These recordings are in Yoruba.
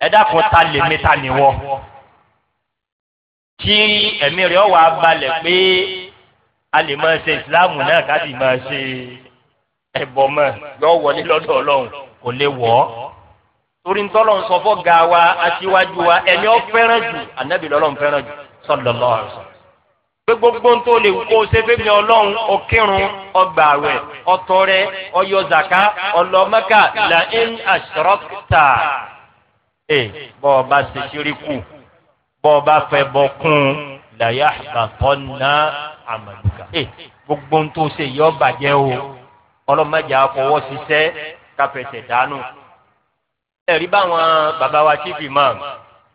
ẹ dákun ta lèmi ta nìwọ tí ẹ̀mí rẹ̀ wà balẹ̀ pé a lè máa ṣe ìsìláàmù náà ká sì máa ṣe ẹ̀bọ̀ mọ́ yọ wọlé lọ́dọ̀ ọlọ́run kò lè wọ̀ ọ́ torí ń tọ́lọ̀ ń sọ fọ́ ga wa aṣíwájú wa ẹni ọ́ fẹ́ràn jù ànábì lọ́lọ́run fẹ́ràn jù sọ́dọ̀ lọ́rùn pé gbogbo ń tó lè kó o ṣe fẹ́mi ọlọ́run ọkírun ọgbà rẹ̀ ọtọ rẹ̀ ọyọ zaka ọlọmọkà là ń àṣọrọ tà ee eh, bọ́ ọ bá ṣe ṣíríkù bọ́ ọ bá fẹ́ bọ́ kún un làyà àgbàtọ́ ná àmàlùkà ee gbogbo ń tó ṣe yọ bàjẹ́ o ọlọ́mọdé àfọwọ́ ṣiṣẹ́ káfẹsẹ̀ dánú. ẹ̀rí báwọn bàbá wa chief imam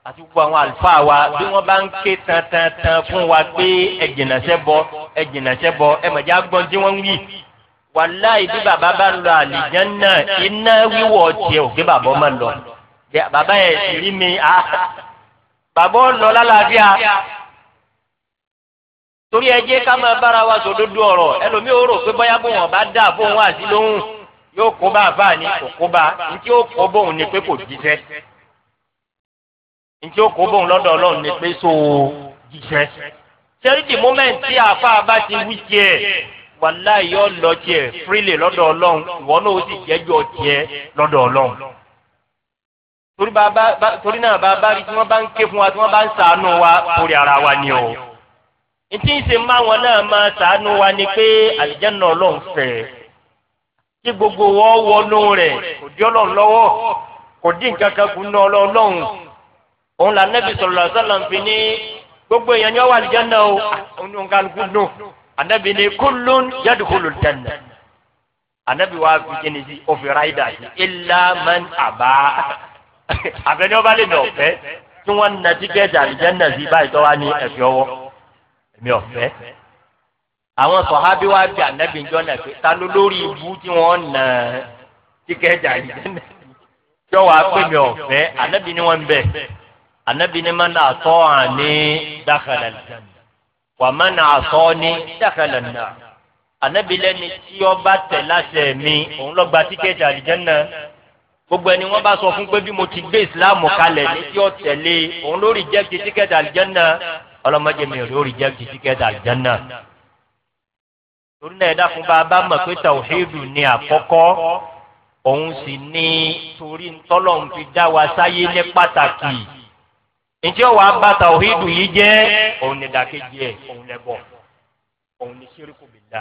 àti gbogbo àwọn àlùfáà wa bí wọ́n bá ń ké tantantan fún wa pé ẹ̀jìnàṣẹ́ bọ ẹ̀jìnàṣẹ́ bọ ẹ̀mọ̀já gbọ́n tí wọ́n ń wí wàláì bí bàbá bá lọ àlìjẹ́ náà iná wíwọ̀ tiẹ̀ òkè bàbá yẹn sì rí mi ah. bàbá ọ̀nà lálàáfíà torí ẹ jẹ́ ká máa bára wa sòdodo ọ̀rọ̀ ẹlòmíì ó rò pé bóyá bóun ọba dà bóun wà sí lóhùn yóò kó bá àbá ni kò kó bá ntí ó kó bóun ni pé kò jíṣẹ́ ntí ó kó bóun lọ́dọ̀ ọlọ́run ni pé so jíṣẹ́ sẹ́ríkì moment tí àáfàá bá ti wí tiẹ̀ wàláyé ọ̀lọ́ tiẹ̀ frílẹ̀ lọ́dọ̀ ọlọ́run ìwọ náà ó sì jẹ́jọ́ tiẹ̀ lọ́dọ̀ ọlọ́run torí bàbá torí náà bàbá rí tí wọn bá ń ké fún wa tí wọn bá ń sàánú wa orí ara wa ni o ntí ń ṣe má wọn náà máa sàánú wa ni pé àlìjáná ọlọ́run fẹ́ kí gbogbo wọn wọnú rẹ̀ kò dí ọlọ́run lọ́wọ́ kò dí nǹkan kan kù ní ọlọ́run òun là nẹ́bí sọ̀rọ̀ sọ̀rọ̀ fi ní gbogbo èèyàn ni wọ́n wà àlìjáná o ah, òun ń kálukú nù ànẹ́bí ni kúlún yẹ́dùkúlù tẹ̀lé ànẹ́bí wa fi kíni sí òfin ráìdà yìí àfẹnẹ́ ọba lè mi ọ̀fẹ́ tí wọ́n na tíkẹ́ẹ̀tì àlìjẹ́nà sí báyìí tó wá ní ẹ̀fẹ́ ọwọ́ mi ọ̀fẹ́. àwọn sọ̀hábí wá bí ànábì ń jọ́nà pé ta ló lórí ibú tí wọ́n na tíkẹ́ẹ̀tì àlìjẹ́nà tí wọ́n wá pé mi ọ̀fẹ́ ànábì ni wọ́n ń bẹ̀ ànábì ni mọ́nà àtọ́ àní dákàlà wà mọ́nà àtọ́ ní dákàlà náà ànábì lẹ́ni tí ọba tẹ̀ láṣẹ mi òun lọ́gba tíkẹ́ẹ̀tì àlìjẹ́nà gbogbo ẹni wọn bá sọ fún pé bí mo ti gbé ìsìláàmù kalẹ̀ ní tí ó tẹ̀lé òun ló rìjẹ́kì tíkẹ́tì àlìjẹ́nà ọlọ́mọdé mi ò rìjẹ́kì tíkẹ́tì àlìjẹ́nà. torí náà ẹ̀dá fún bàbá mọ̀ pé tàwíìdù ni àkọ́kọ́ òun sì ní torí ntọ́lọ̀ ń fi dá wa sáyé ní pàtàkì. ǹjẹ́ wàá bá tàwíìdù yìí jẹ́ òun ní dàkejì ẹ̀ òun lẹ́bọ̀ òun ní síríkù bìlá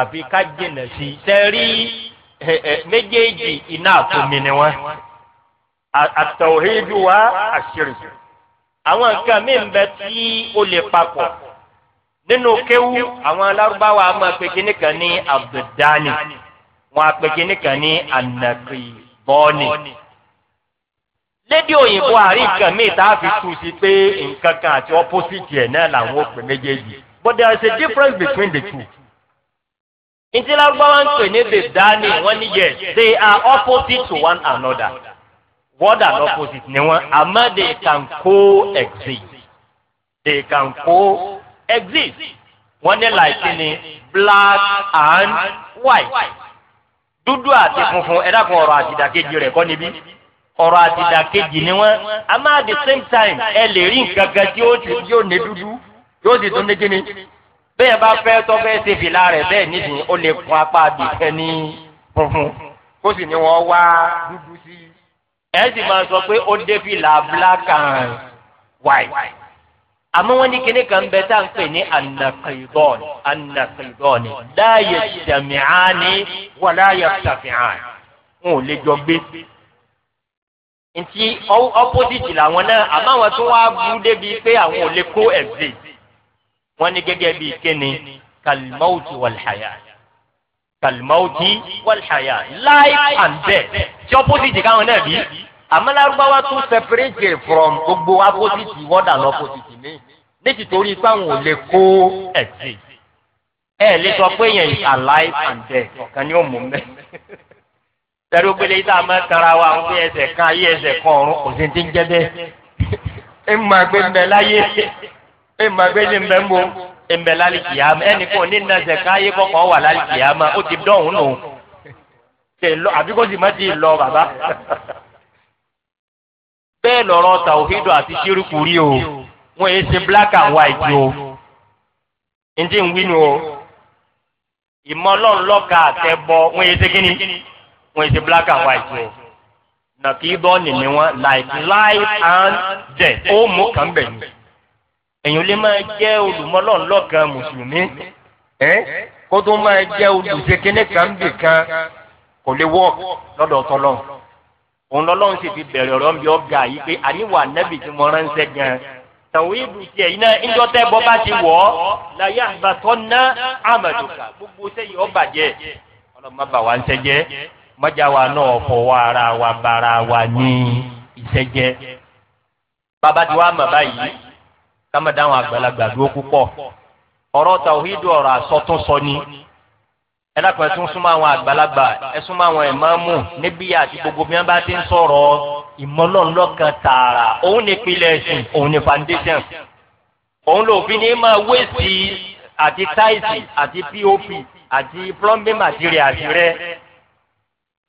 àfi ká jìnà sí sẹ́rí méjèèjì iná àtòmí ni wọn àtọ̀hídù wa àṣírí àwọn nǹkan míì ń bẹ tí ó lè papọ̀ nínú kéwú àwọn alárúbáwá máa pe kíní ní abduldani wọn á pe ní anakibọ́ọ̀nì lédi òyìnbó àrí nǹkan míì tá a fi tú sí pé nǹkan kan àti opposite ẹ̀ náà làwọn ò pè méjèèjì but there is a difference between the two ntí lárúbáwá ń pè ní the dani wọ́n ní yes they are opposite to one another word and opposite ni wọ́n àmọ́ they can co-exist they can co-exist wọ́n ní like ni black and white Dudu, àti funfun ẹ dákun ọ̀rọ̀ àtìdàkejì rẹ̀ kọ́ níbí ọ̀rọ̀ àtìdàkejì ni wọ́n àmọ́ at the same time ẹ lè rí nǹkan kan tí ó ti yóò ní dúdú yóò sì tún ní kíni bẹ́ẹ̀ bá fẹ́ tọ́ fẹ́ ṣe fìlà rẹ̀ bẹ́ẹ̀ nísìnyí ó lè kun apá abìkẹ́ ní funfun kó sì ní wọ́n wá dúdú sí i. ẹ sì máa sọ pé ó dé fìlà black and white. àmọ́ wọ́n ní kinní kan bẹ tá à ń pè ní anakidọ́ọ̀nì anakidọ́ọ̀nì láàyè sẹ̀mìáni wà láàyè sàfihàn wọn ò lè jọ gbé. ntí opposite làwọn náà àmọ́ àwọn tó wá bú débi pé àwọn ò lè kó exit wọ́n ní gẹ́gẹ́ bíi kíni kalimauti walhaya kalimauti walhaya life and death tí opposite káwọn náà bí amalarubawa tún separate from gbogbo opposite word and opposite mi ní tìtorí pé àwọn ò lè kó ẹ̀sìn ẹ lè sọ pé yẹn is alive and death ọ̀kan ni ó mú mẹ́. Tẹ́lú gbélé yìí tá a máa tara wa ń ẹsẹ̀ kan ayé ẹsẹ̀ kan ọ̀run kò sí ti ń jẹ́ bẹ́ẹ̀. Ẹ máa gbé ń láyé e ma gbé ní nbẹ mbó nbẹ lálẹ kìyàmá ẹnì kan ní nàzẹ káyé kọkọ wà lálẹ kìyàmá ó ti dọ̀hún nù tẹ lọ àbí kó sì má ti lọ bàbá bẹ́ẹ̀ lọ̀rọ̀ tàwíìdù àti ṣírùkù rí o wọ́n yé ṣe black and white o ǹjẹ́ ń wí nu o ìmọ̀ ọlọ́ọ̀lọ́ka àtẹ̀bọ wọ́n yé ṣe kíni wọ́n yé ṣe black and white o nàkìbọ́ọ̀nì ni wọ́n like life and death ó mú kàn bẹ̀ èyàn lè máa jẹ́ olùmọ́lọ́n lọ́gàá mùsùlùmí ẹ́ kó tó máa jẹ́ olùsèkéne kan bì kan kò lè wọ́ lọ́dọ̀ tọ́lọ́ òun lọ́lọ́run sì fi bẹ̀rẹ̀ ọ̀rọ̀ bí ọ̀gá yìí pé àníwá nẹ́bì tí mo ránṣẹ́ gan tàwọn ìlú tiẹ̀ iná ńjọ́ tẹ́ bọ́ bá ti wọ̀ ọ́ láyé àgbàtọ́ ná àmàdùkà gbogbo sẹ́yìn ọ̀bàjẹ́ ọlọ́mọ bà wá ń sẹ́jẹ́ mọ́jà wa náà fọwọ́ ara wa bara wa ní ìsẹ́jẹ́ bàbá tí wàá mọ̀ báyìí. Kama dáhùn àgbàlagbà dúró púpọ̀ ọ̀rọ̀ tàwíìdù ọ̀rọ̀ àsọtúnsọ ni ẹ dákun ẹ tún súnmọ́ àwọn àgbàlagbà ẹ súnmọ́ àwọn ìmáàmù níbí àti gbogbo bí wọ́n bá ti ń sọ̀rọ̀ ìmọ̀lọ́nlọ́kan tààrà òun ní pilẹ̀ ẹ̀sìn òun ní foundation òun lòfin ní máa wéèsì àti táìsì àti pop àti plumbing material rẹ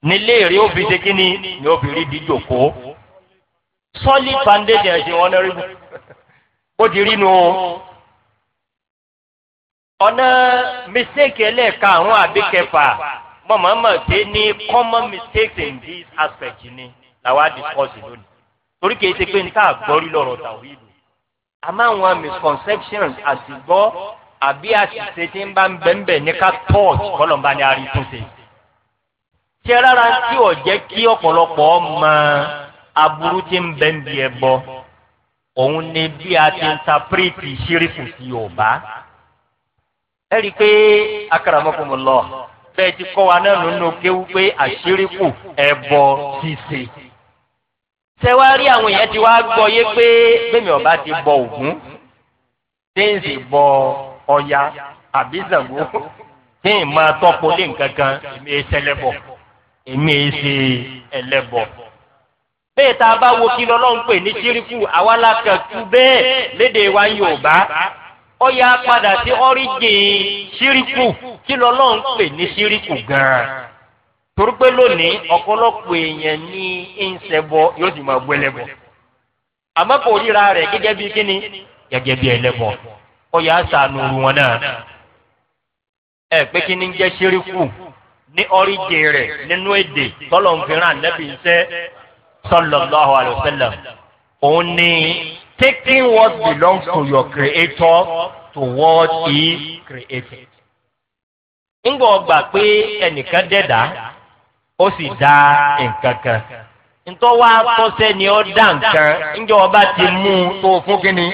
nílé èrè òfin ṣe kí ni ni òfin bí jòkó solid foundation ẹ̀sìn wọn náà rí bù ó di rí nu ọ̀nà mistake ẹlẹ́ẹ̀karùn-ún àbí kẹfà mọ̀mọ́mọ́ dé ní common mistakes in this aspect ni làwa discuss lónìí torí kìí ṣe pé ní ká gbọ́rí lọ́rọ̀ tàwí ìlú àmọ́ àwọn misconceptions àtìgbọ́ àbí àṣìṣe tí ń bá ń bẹ̀ǹbẹ̀ ní ká tọ́ọ̀tì kọ́lọ̀mbá ni a rí tún ṣe. ṣé rárá tí ò jẹ́ kí ọ̀pọ̀lọpọ̀ ọmọ aburú ti ń bẹ̀ǹbì ẹ̀ bọ́ òun ni bí a ti ntapiriti ṣírífù sí yorùbá ẹ rí i pé akaramakunmu lọ bẹẹ ti kọ wa náà nínú kéwú pé àṣírífù ẹbọ ṣíṣe tẹwárí àwọn èèyàn ti wá gbọ yé pé bẹẹmi ọba ti bọ ògún tíǹsì bọ ọya àbí zàngó tíǹ máa tọpọ lé nǹkan kan èmi ẹsẹ ẹlẹbọ èmi ẹsẹ ẹlẹbọ. bẹ́ẹ̀ tá a bá wo kí lọ́lọ́run pè ní ṣíríkù àwa la kàn bẹ́ẹ̀ léde wa yorùbá ọ yá padà sí ọ́rígìn ṣíríkù kí lọ́lọ́run pè ní ṣíríkù gan-an torí pé lónìí ọ̀pọ̀lọpọ̀ èèyàn ní ìǹṣẹ̀bọ yóò sì máa gbọ́ ẹlẹ́bọ àmọ́ kò ríra rẹ̀ gẹ́gẹ́ bí kíni gẹ́gẹ́ bí sànù wọn náà ẹ sallallahu alayhi wa sallam òun taking what belongs to your creator to what he created. ńgbọ́ gbà pé ẹnìkan dẹ̀dá ó sì dá nǹkan kan ntọ́ wa tọ́sẹ́ ni ọ́ dá nǹkan ńjọ́ ọba ti mú un tó fún kínní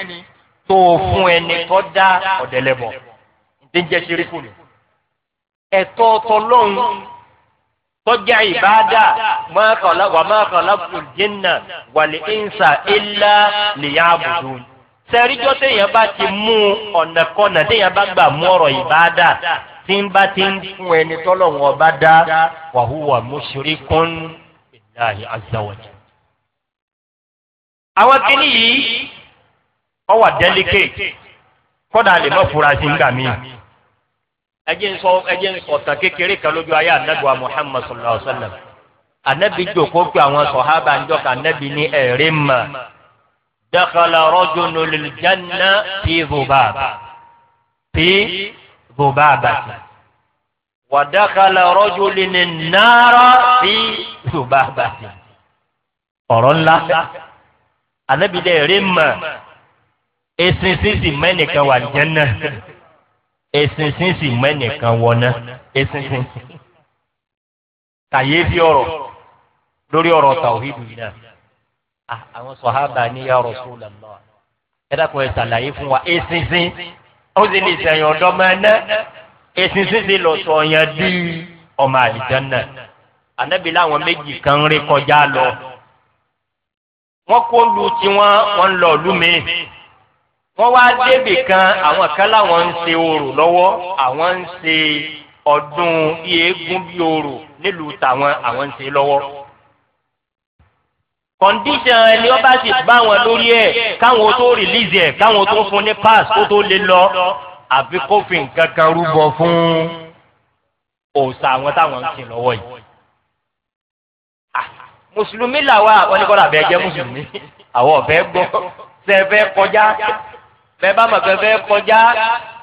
tó fún ẹni tó dá ọ̀dẹ̀lẹ̀bọ̀ ǹdẹ́jẹ́ ṣe rí kùnú. ẹ̀tọ́ tọ́lọ́hún tọ́jà ìbáadà wà máa kàn lápò jìnnà wàlẹ̀ ìnsà ìlà lèyà àbùdù. sẹ́ríjọ́ téèyàn bá ti mú ọ̀nà kọ́nà téèyàn bá gbà mú ọ̀rọ̀ ìbáadà tí ń bá ti ń fún ẹni tọ́lọ̀wọ̀n ọba dá wàhùwà mushrikun billahi azza wa àwọn kìíní yìí ọ dẹ́líkè kọ́dà lè mọ̀ fura sí ń gbà míì ẹjẹ ń sọ ẹjẹ ń sọ ọ̀tàn kékeré kan lójú ayé anagba muhammad sallallahu alaihi wa sallam anabi jòkó pé àwọn sọ̀hábà ń jọ́ka anabi ní ẹ̀rí mà dakhala rajulun lil janna fi dhubaba fi dhubabati wa dakhala rajulun nara fi dhubabati ọ̀rọ̀ ńlá anabi dẹ̀ ẹ̀rí mà esin sísì mẹ́nìkan wà janna esinsin sì mẹ́nìkan wọná esinsin kàyéfì ọ̀rọ̀ lórí ọ̀rọ̀ tàwíìdù yìí náà ah, àwọn sọ̀hábà níyà ọ̀rọ̀ sóòlà náà ẹ̀dàkùn ẹ̀ sàlàyé fún wa esinsin ó sì lè sẹ̀yìn ọ̀dọ́ máa ná esinsin sì lọ sọ ọ̀yàn dí ọmọ àlìján náà ànábì láwọn méjì kan rékọjá lọ wọ́n kó lu tiwọn wọ́n lọ lú wọ́n wá débì kan àwọn kan láwọn ń ṣe orò lọ́wọ́ àwọn ń ṣe ọdún eégún bíi orò nílùú tàwọn àwọn ń ṣe lọ́wọ́. kọ̀ǹdíṣàn ni wọ́n bá sì bá wọn lórí ẹ̀ káwọn tó rìlíìsì ẹ̀ káwọn tó fún ní pass kó tó lè lọ àfi kófin kankan rúbọ fún òòṣà àwọn táwọn ń ṣe lọ́wọ́ yìí. Ah, mùsùlùmí làwa àwọn oníkọ́lá bẹ́ẹ̀ jẹ́ mùsùlùmí àwọn ọ̀fẹ́ gbọ́ sẹ́fẹ́ kọjá bẹ́ẹ̀ bá mọ̀ fẹ́fẹ́ kọjá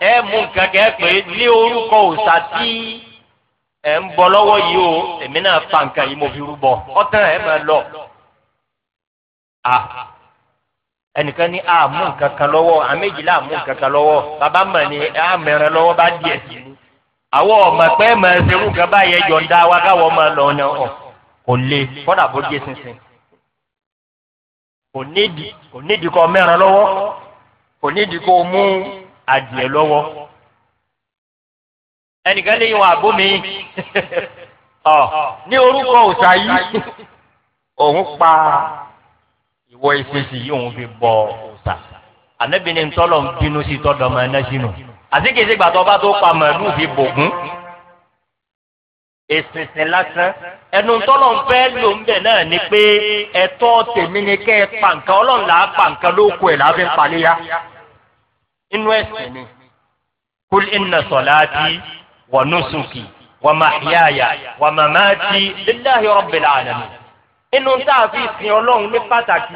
ẹ mú nǹkan kẹ́ pé ní orúkọ òòṣà tí ẹ ń bọ lọ́wọ́ yìí o èmi náà fa nǹkan yìí mo fi rúbọ ọ̀tán ẹ máa lọ. ẹnìkan ní àmú nǹkan kan lọ́wọ́ àméjì là mú nǹkan kan lọ́wọ́ bàbá mọ̀ ní àmẹ̀rẹ̀ lọ́wọ́ bá díẹ̀ sí i. ọmọ pẹ́ mọ̀ ẹ́ serú nǹkan báyẹn jọ ń dá wa káwọn ọmọ lọ ọ̀nà kò le kọ́dà bó dé sínsìn. kò nídìí kò nídìí kọ́ mẹ́ràn lọ́wọ́ kò nídìí kó mú adìẹ lọ́wọ́ ẹnìkan lè yan àbó mi ọ ní orúkọ òòṣà yìí òun pa ìwọ ìfèsì yìí òun fi bọ òòṣà ànábìíní ntọ́lọ̀ ń bínú sí tọ́dọ̀ ọmọ ẹ̀ náà sínú àti kìí ṣe gbàtọ́ bá tó pa màálù fi bògún èsìsìn lásán ẹnu tọ́lọ̀ ń fẹ́ lò ń bẹ̀ náà ni pé ẹ̀tọ́ tèmi ni kẹ́ ẹ pa nǹkan ọlọ́run là á pa nǹkan lóko ẹ̀ láfi ń paléyà inú ẹ̀sìn ni kúl iná sọ̀láàtì wà nùsùkì wà màhíyàyà wà màmáàtì lílàhí ọ̀bẹ̀là àdàmì inú tá a ọlọ́run ní pàtàkì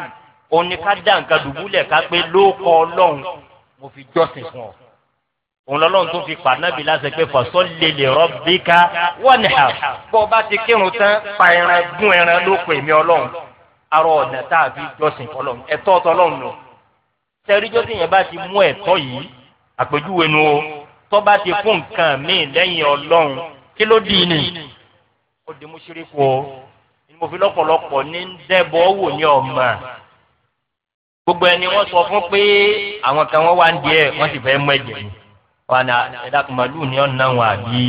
òun ni ká dá nǹkan dùbúlẹ̀ ká pé lóko ọlọ́run mo fi jọ́sìn fún ọ òun lọ́lọ́run tó fi pa nábì láti pé fasalli li rabbika wanhar bó o bá ti kírun tán pa ẹran gún ẹran ló pè mí ọlọ́run arọ ọ̀nà tá a fi jọ́sìn fọlọ́run ẹ̀tọ́ ọ̀tọ́lọ́run lọ. sẹ́ríjọ́ tí yẹn bá ti mú ẹ̀tọ́ yìí àpèjúwe nu o tó bá ti fún nǹkan míì lẹ́yìn ọlọ́run kí ló dì í nì. ó di mùṣírikù o mo fi lọ́pọ̀lọpọ̀ ní dẹ́bọ̀ wò ní ọ̀mà gbogbo ẹni wọ́n sọ fún pé àwọn kan wọ́n wá ń di wọ́n sì fẹ́ mú ẹ̀jẹ̀ ni wọn ni ẹ̀dàkùnmọ̀lù ni ọ̀nà wọn àbí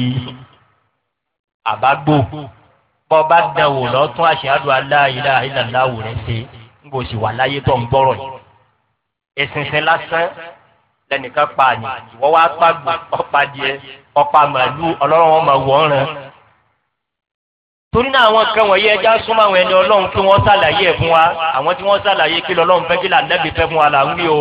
àbágbò bọ́ bá dẹ̀wò lọ́tún àṣehàdù aláìlá ìlàláwò rẹ̀ ṣe ń bò sì wà láyé tó ń gbọ́rọ̀ yìí ìsinsin lásán lẹ́nìkan pa àyè wọ́n wá pàgbò ọ̀pá díẹ̀ ọ̀pá màálù ọlọ́run wọn máa wọ̀ ọ́n torí náà àwọn kan wọ̀nyí ẹja súnmọ́ àwọn ẹni ọlọ́run kí wọ́n ṣàlàyé ẹ̀ fún wa àwọn tí wọ́n ṣàlàyé kí lọ́lọ́run fẹ́ kí làǹdẹ́bí fẹ́ fún wa là ń wí o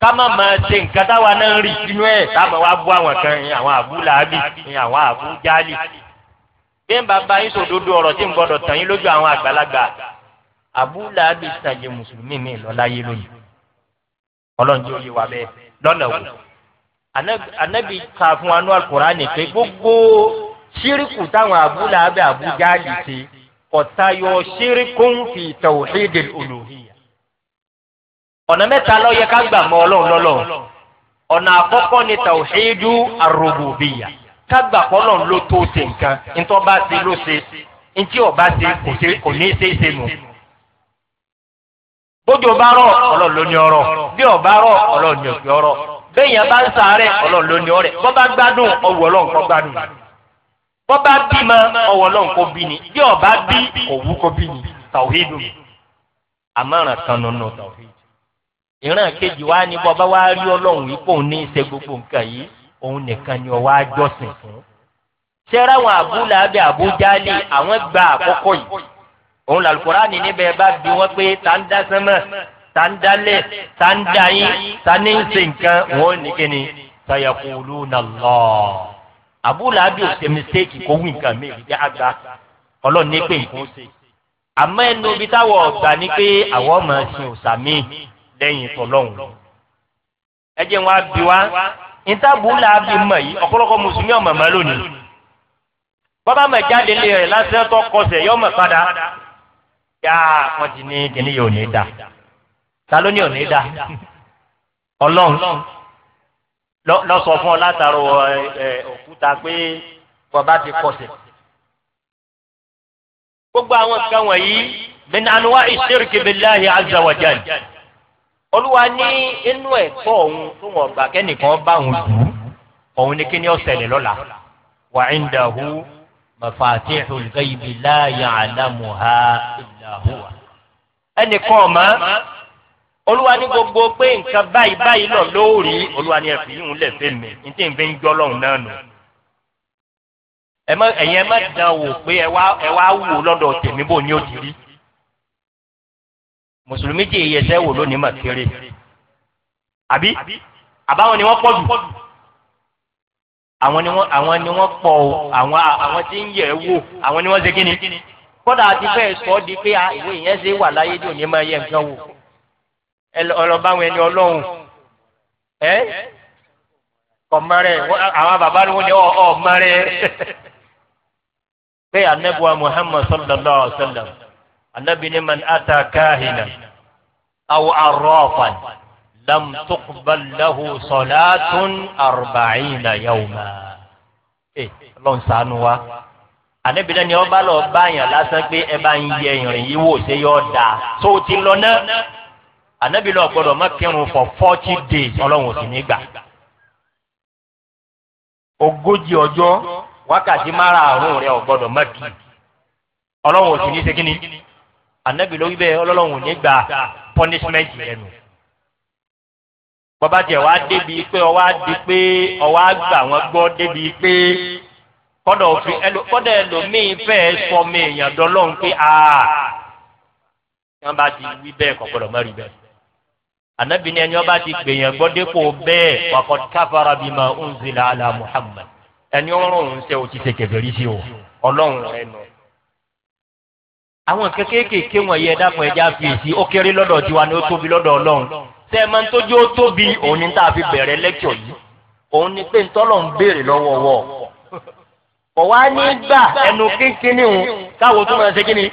ká má máa ṣe nǹkan táwa náà rí sínú ẹ̀ táwọn wá bú àwọn kan ní àwọn àbúlàábì ní àwọn àbújálì. bí n bá bá yín sòdodo ọ̀rọ̀ tí n gbọ́dọ̀ tàn yín lójú àwọn àgbàlagbà àbúlàábì ṣàjẹ mùsùlùmí mi lọ́láyé lónìí. ọlọ́run jẹ́ òye wa bẹ́ẹ̀ lọ́nà wò. ànábì ka fún wa ní alukóra nìké gbogbo ṣíríkù táwọn àbúlàábì àbújálì ṣe ọ̀tayọ̀ ṣíríkù fi tawhidil uluhi ọ̀nà mẹ́ta ló yẹ ká gbà mọ́ ọlọ́run lọ́lọ́run ọ̀nà àkọ́kọ́ ni tàwùhídù àròbòbìyà ká gbà pọ́lọ́run ló tó ṣe nǹkan ntọ́ bá ṣe ló ṣe ntí ọba ṣe kò ní ṣe ṣe nù. bójú ọba rọ ọlọ́run ló ní ọrọ̀ bí ọba rọ ọlọ́run ní bá ń sàárẹ̀ ọlọ́run ló ní bọ́ bá gbádùn ọwọ́ ọlọ́run ọba bí òwú bí ni àmọ́ràn kan ìran kejì wa ni bọ́ bá wá rí ọlọ́run yìí kò ní í ṣe gbogbo nǹkan yìí òun nìkan ni ọwọ́ àjọsìn fún. sẹ́rà àwọn àbúlà àbí àbújáde àwọn gba àkọ́kọ́ yìí òun làlùkọ́rá ni níbẹ̀ bá bí wọ́n pé tá ń dá sẹ́mọ̀ tá ń dálẹ̀ tá ń dá yín tá ní ń ṣe nǹkan òun nìkan ni sayakulu nàlọ́ àbúlà àbí òṣè mistake kò wí nǹkan mi ìdí àgbà ọlọ́run ní pé nǹkan ó ṣe àmọ́ ẹnu ibi táwọn ọ̀gbà ni pé àwọn ọmọ ẹ̀sìn òṣà lẹ́yìn tọ́lọ́hún. ẹ jẹ́ wọn bí wa ìtàbù làbí mọ̀ yìí ọ̀pọ̀lọpọ̀ mùsùlùmí ọ̀mọ̀ mọ́ lónìí. bọ́bá mọ̀ jáde lé rẹ̀ lásán tó kọsẹ̀ yọ mọ̀ padà yá wọ́n ti ní kíní yóò ní da ta ló ní ò da ọlọ́run lọ sọ fún ọ látàrọ òkúta pé bọ́bá ti kọsẹ̀. gbogbo àwọn kan wọ̀nyí min anuwa ìṣirki billahi azza wa olúwa ní inú ẹ̀kọ́ òun tó wọ́n gbà kẹ́nìkan bá òun dù ú òun ní kí ni ó ṣẹlẹ̀ lọ́la wà á ń dà hu mafatihul ghaibi la ya'lamuha illa huwa. ẹnìkan ọ̀ma olúwa ní gbogbo pé nǹkan báyìí báyìí lọ lóòrí olúwa ní ẹ̀fìn yìí ń lẹ̀ fẹ́ mi ní tí n fi ń jọ́ lọ́hùn náà nù ẹ̀yin ẹ má dán wò pé ẹ wá wò lọ́dọ̀ tèmi bò ní òjì rí mùsùlùmí tí èyí ẹsẹ̀ wò lónìí mà kéré àbí àbáwọn ni wọ́n pọ̀ jù àwọn ni wọ́n àwọn ni wọ́n pọ̀ o àwọn àwọn tí ń yẹ̀ wò àwọn ni wọ́n ṣe kíni kódà àti fẹ́ sọ ọ́ di pé ìwé yẹn ṣe wà láyé ní òní máa yẹ nǹkan wò ọlọ́ba àwọn ẹni ọlọ́run ẹ kọ̀mọ́rẹ́ àwọn bàbá ni wọ́n ní ọ̀ọ́mọ́rẹ́ pé anabuwa muhammad sallallahu alaihi wa sallam anabi ni man ata kahina aw arrafan lam tuqbal lahu salatun arba'ina yawma. ẹ lọ́n sànú wa anabi náà ni wọ́n bá lọ báyàn lásán pé ẹ bá ń yẹ ìrìn yìí wò ṣe yọ ọ́ dà tó o ti lọ náà anabi náà gbọ́dọ̀ má kírun for forty days ọlọ́run ò sì ní gbà. ogójì ọjọ́ wákàtí márààrún rẹ̀ ò gbọ́dọ̀ má kí ọlọ́run ò sì ní ṣe kí ni anabi lórí bẹ́ẹ̀ ọlọ́run ní gba punishment yẹn nù. bọ́bá jẹ́ wàá débi pé ọwọ́ á di pé ọwọ́ á gbà wọ́n gbọ́ débi pé kọ́dọ̀ òfin kọ́dọ̀ ẹlòmíín fẹ́ẹ́ sọ mi èèyàn dọ́lọ́run pé aa wọ́n bá ti wí bẹ́ẹ̀ kọ̀kọ́dọ̀ mọ́rí bẹ́ẹ̀. anabi ni ẹni wọ́n bá ti gbèyàn gbọ́ dépò bẹ́ẹ̀ wàkọ́ káfàrà bíi ma ń zìlà àlà muhammad ẹni ọ̀rọ̀ òun ṣe òtítẹ̀ kẹfẹ́ rí sí o ọlọ́run rẹ nù àwọn kékèké wọ̀nyí ẹ̀dá kan ẹja fi sí ó kéré lọ́dọ̀ tiwa ni ó tóbi lọ́dọ̀ ọlọ́run tẹ́ ẹ máa ń tójú ó tóbi òun ni tá a fi bẹ̀rẹ̀ lẹ́kṣọ̀ yìí òun ni pé ntọ́lọ̀ ń béèrè lọ́wọ́wọ́ kò wá ní gbà ẹnu kíkíní o káwo tó máa ṣe kíni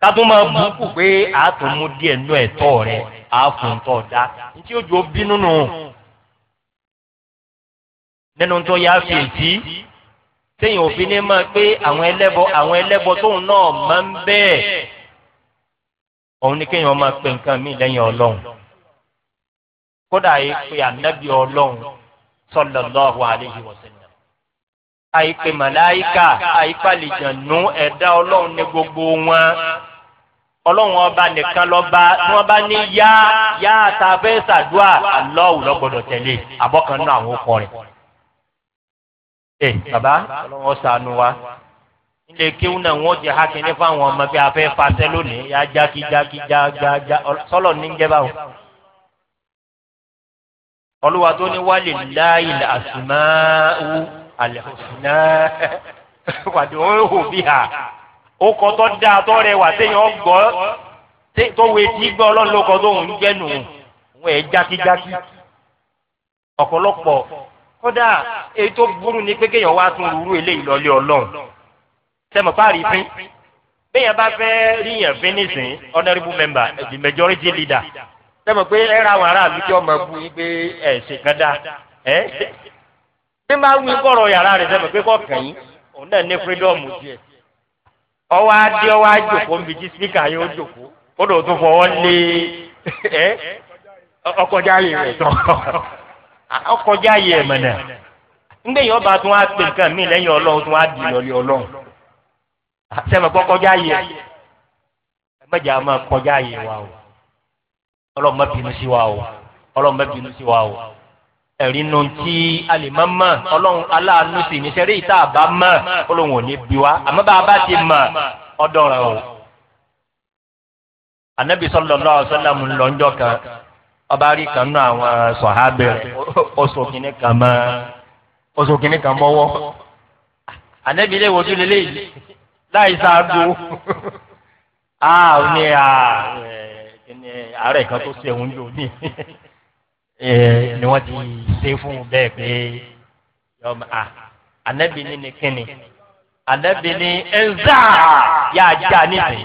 ká tó máa bú kù pé a tún mú díẹ̀ nú ẹ̀tọ́ rẹ̀ a fún tọ́ da ntí ojú ó bínú nù nínú tó yá fi sí sẹ́yìn òfin ní máa pé àwọn ẹlẹ́bọ àwọn ẹlẹ́bọ tóun náà máa ń bẹ́ẹ̀ òun ni kéèyàn máa pe nǹkan míì lẹ́yìn ọlọ́run kódà yìí pe ànábì ọlọ́run sallallahu alaihi wasallam àìpé màláìkà àìpàlìjànú ẹ̀dá ọlọ́run ní gbogbo wọn ọlọ́run ọba nìkan lọ́ba tí wọ́n bá ní yá yá tá a fẹ́ ṣàdúrà Allahu ló gbọ́dọ̀ tẹ̀lé àbọ̀kan náà àwọn ọkọ rẹ̀ ẹ bàbá ọlọ́wọ́ sànù wa ilé kéwù náà wọ́n jẹ́ hákínní fáwọn ọmọ bí afẹ́ fasẹ́ lónìí yá jákíjákíjájájá sọ́lọ̀ níjẹ́ báwọn. olùwà tó ní wálé láàyè àsùnmáwù àlẹ́hùsùnà wàdí wọ́n hù bí hà ó kọ́ tó dá a tó rẹ̀ wà téèyàn gbọ́ tó wé tí gbọ́ ọlọ́run ló kọ́ tó ń jẹ́ nù òun ẹ̀ jákíjákí ọ̀pọ̀lọpọ̀ kódà èyí tó burú ni pé kéèyàn wá tún rúurú eléyìí lọlé ọlọ́run sẹ́mi páàrí fín béèyàn bá fẹ́ ríyàn fín nísìn honourable member the majority leader sẹ́mi pé ẹ ra àwọn aráàlú tí ọmọ bu yín pé ẹ ṣe kan dá ẹ bí máa wí kọ̀rọ̀ yàrá rẹ̀ sẹ́mi pé kọ̀ọ̀kan yín òun náà ní freedom tiẹ̀ ọwọ́ adé ọwọ́ àjòkó níbi tí speaker yóò jòkó kódà ó tún fọwọ́ lé ọkọjá rẹ̀ tán ọkọjá yẹ ẹ mọ̀nà ńgbẹ́ yìí ọba tún wá pè nǹkan mí lẹ́yìn ọlọ́run tún wá di ìlọ́lẹ̀ ọlọ́run sẹ́mi kọ́ kọjá yẹ ẹgbẹ́jà máa kọjá yẹ wa o ọlọ́run má bínú sí wa o ọlọ́run má bínú sí wa o ẹ̀rí nu ti alìmọ́ mọ́ ọlọ́run aláàánú sì ní sẹ́rí ìta àbá mọ́ ọlọ́run ò ní bí wa àmọ́ bá a bá ti mọ̀ ọdọ̀ rẹ̀ o anabi sọlọ lọ sọlọ mu lọ kan ọba rí kan náà àwọn sọ̀hábẹ̀ ọ̀sọ̀kìnì kan mọ́ ọ̀sọ̀kìnì kan mọ́wọ́ ànẹ́bí lè wojú lélẹ́ yìí láì sáájú ààrùn ní ààrẹ kan tó ṣe òun yóò ní ni wọ́n ti ṣe fún un bẹ́ẹ̀ pé ànẹ́bí ní ni kíni ànẹ́bí ní ẹ̀ ń zà yá ajá nídìí.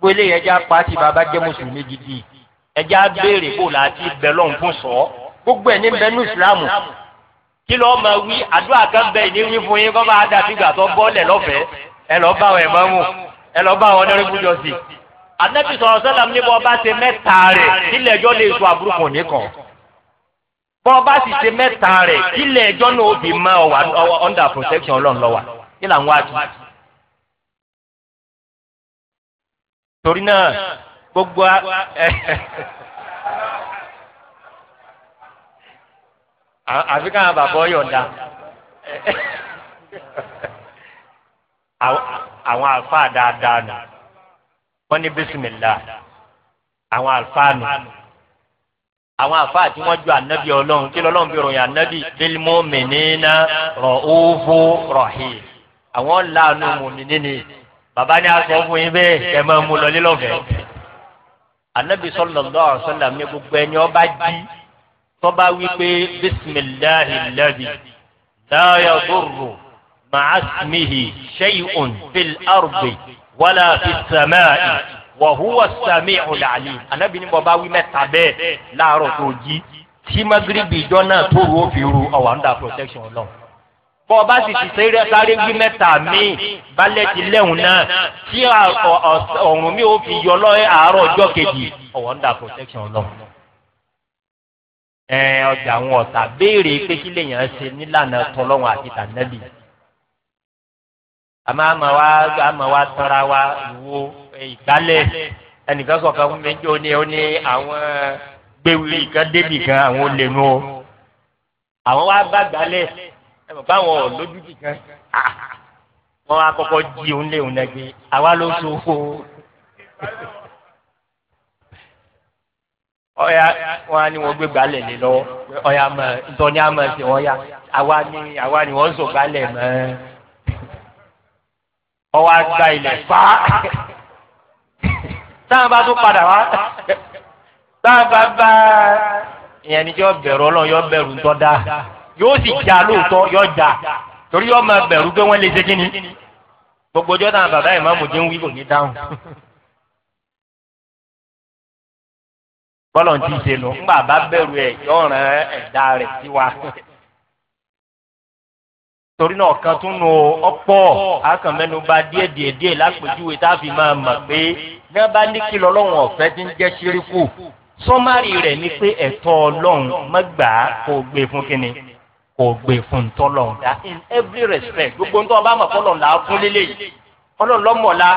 gbogbo eléyìí ẹja pàtì bàbá jẹ́ mùsùlùmí gidi ẹja béèrè bò láti bẹ̀ lọ́n fún sọ gbogbo ẹ̀ ní bẹ́nu ìsìlámù kí lọ́ọ́ máa wí àdúrà kan bẹ́ẹ̀ ní wí fún yín kọ́ máa dàbí ìgbà tó bọ́ọ̀lẹ̀ lọ́fẹ̀ẹ́ ẹ lọ́ọ́ bá àwọn ẹ̀mọ́ mú ẹ lọ́ọ́ bá àwọn ọ̀dọ́rẹ́ gbúdọ̀ sí. ànábì sọ̀rọ̀ sọ́làm ní bọ́ọ̀ bá ṣe mẹ́ta rẹ̀ nílẹ̀ ẹjọ́ lè so àbúrúkọ nìkan bọ́ọ̀ bá sì ṣe mẹ́ta rẹ̀ nílẹ̀ ẹjọ́ náà ó bì mọ́ ọ̀ndà protection torí náà gbogbo àfi káwọn bàbá yọ̀ǹda àwọn àlùfáà dáadáa nù wọ́n ní bísímìlá àwọn àlùfáà nù àwọn àlùfáà tí wọ́n ju ànábì ọlọ́run kí lọ́lọ́run fi ròyìn ànábì bílímọ́ mìíràn rọ̀ ófó rọ̀ hì àwọn làánú mòmìnir bàbá ni a sọ fún yín bẹ́ẹ̀ kẹ́ máa mú lọ lílọ́fẹ̀ẹ́. anabi sallallahu alaihi wasallam ní gbogbo ẹni ọba jí tọ́ba wípé bisimilahi lẹ́bi láyà dùrù màásìmìhì ṣẹ́yìn fil ardi wàlà fìsàmáì wàhùwà sàmì ọ̀làlì. anabi ní bọ́ba wí mẹ́ta bẹ́ẹ̀ láàárọ̀ tó jí tí magrebi jọ náà tó rú òfin ru ọ̀wà ń da protection náà bọ́ ọ bá sì ti sẹ́rẹ́ sáré gbé mẹ́ta míì balẹ̀ ti lẹ́hùn náà tí ọ̀run mi ò fi yọ lọ́ọ́ àárọ̀ ọjọ́ kejì ọ̀wọ́ ń da protection lọ. ẹ ọjà àwọn ọ̀tà béèrè pé kí lèèyàn ṣe nílànà tọlọ́run àti tànẹ́bì. àmọ́ àmọ́ wa àmọ́ wa tọ́ra wa wo ìgbálẹ̀ ẹnìkan sọ̀kan fún mi jó ni ó ní àwọn gbéwìrì kan débì kan àwọn olè nu o àwọn wa bá gbálẹ̀ ẹ mọ̀ báwọn ò lójú kìkan ah, wọn á kọ́kọ́ jí òun lé òun lẹ́gbẹ̀ẹ́ àwa ló so o. ọ̀ya wọn á ní wọn gbé gbalẹ̀ lé lọ́wọ́ ọ̀ya mọ̀ ntọ́ni àmọ̀ ẹ̀sìn wọn yá àwa ni àwa ni wọ́n sọ gbalẹ̀ mọ́ ọwọ́ àgbà ilẹ̀ fà táwọn bá tún padà wá táwọn bá bá ìyẹn ni tí wọ́n yọ bẹ̀rù ńtọ́ dáa yóò sì já lóòótọ́ yóò já torí yóò máa bẹ̀rù pé wọ́n lè ṣe kíni gbogbo ọjọ́ náà bàbá ìmáàmù jẹ́ ń wí kò ní dáhùn. bọ́lọ̀ ti ṣe lọ ńgbà bá bẹ̀rù ẹ̀ yóò ràn ẹ̀dá rẹ̀ sí wa. torí náà kan tún nu ọ̀pọ̀ akànmẹ́nuba díẹ̀ díẹ̀ díẹ̀ lápèjúwe tá a fi máa mọ̀ pé ní wọ́n ní kí lọ́lọ́run ọ̀fẹ́ ti ń jẹ́ ṣíríkù sọ́márì rẹ̀ ni pé ẹ̀tọ́ ọlọ́run mọ́gbàá kò gbé fún kínni kò gbé fún tọ́lọ̀ dá in every respect gbogbo nítorí wọn bá mọ̀ fọlọ̀ là á fún lélẹ̀ yìí ọlọ́run lọ́mọ̀lá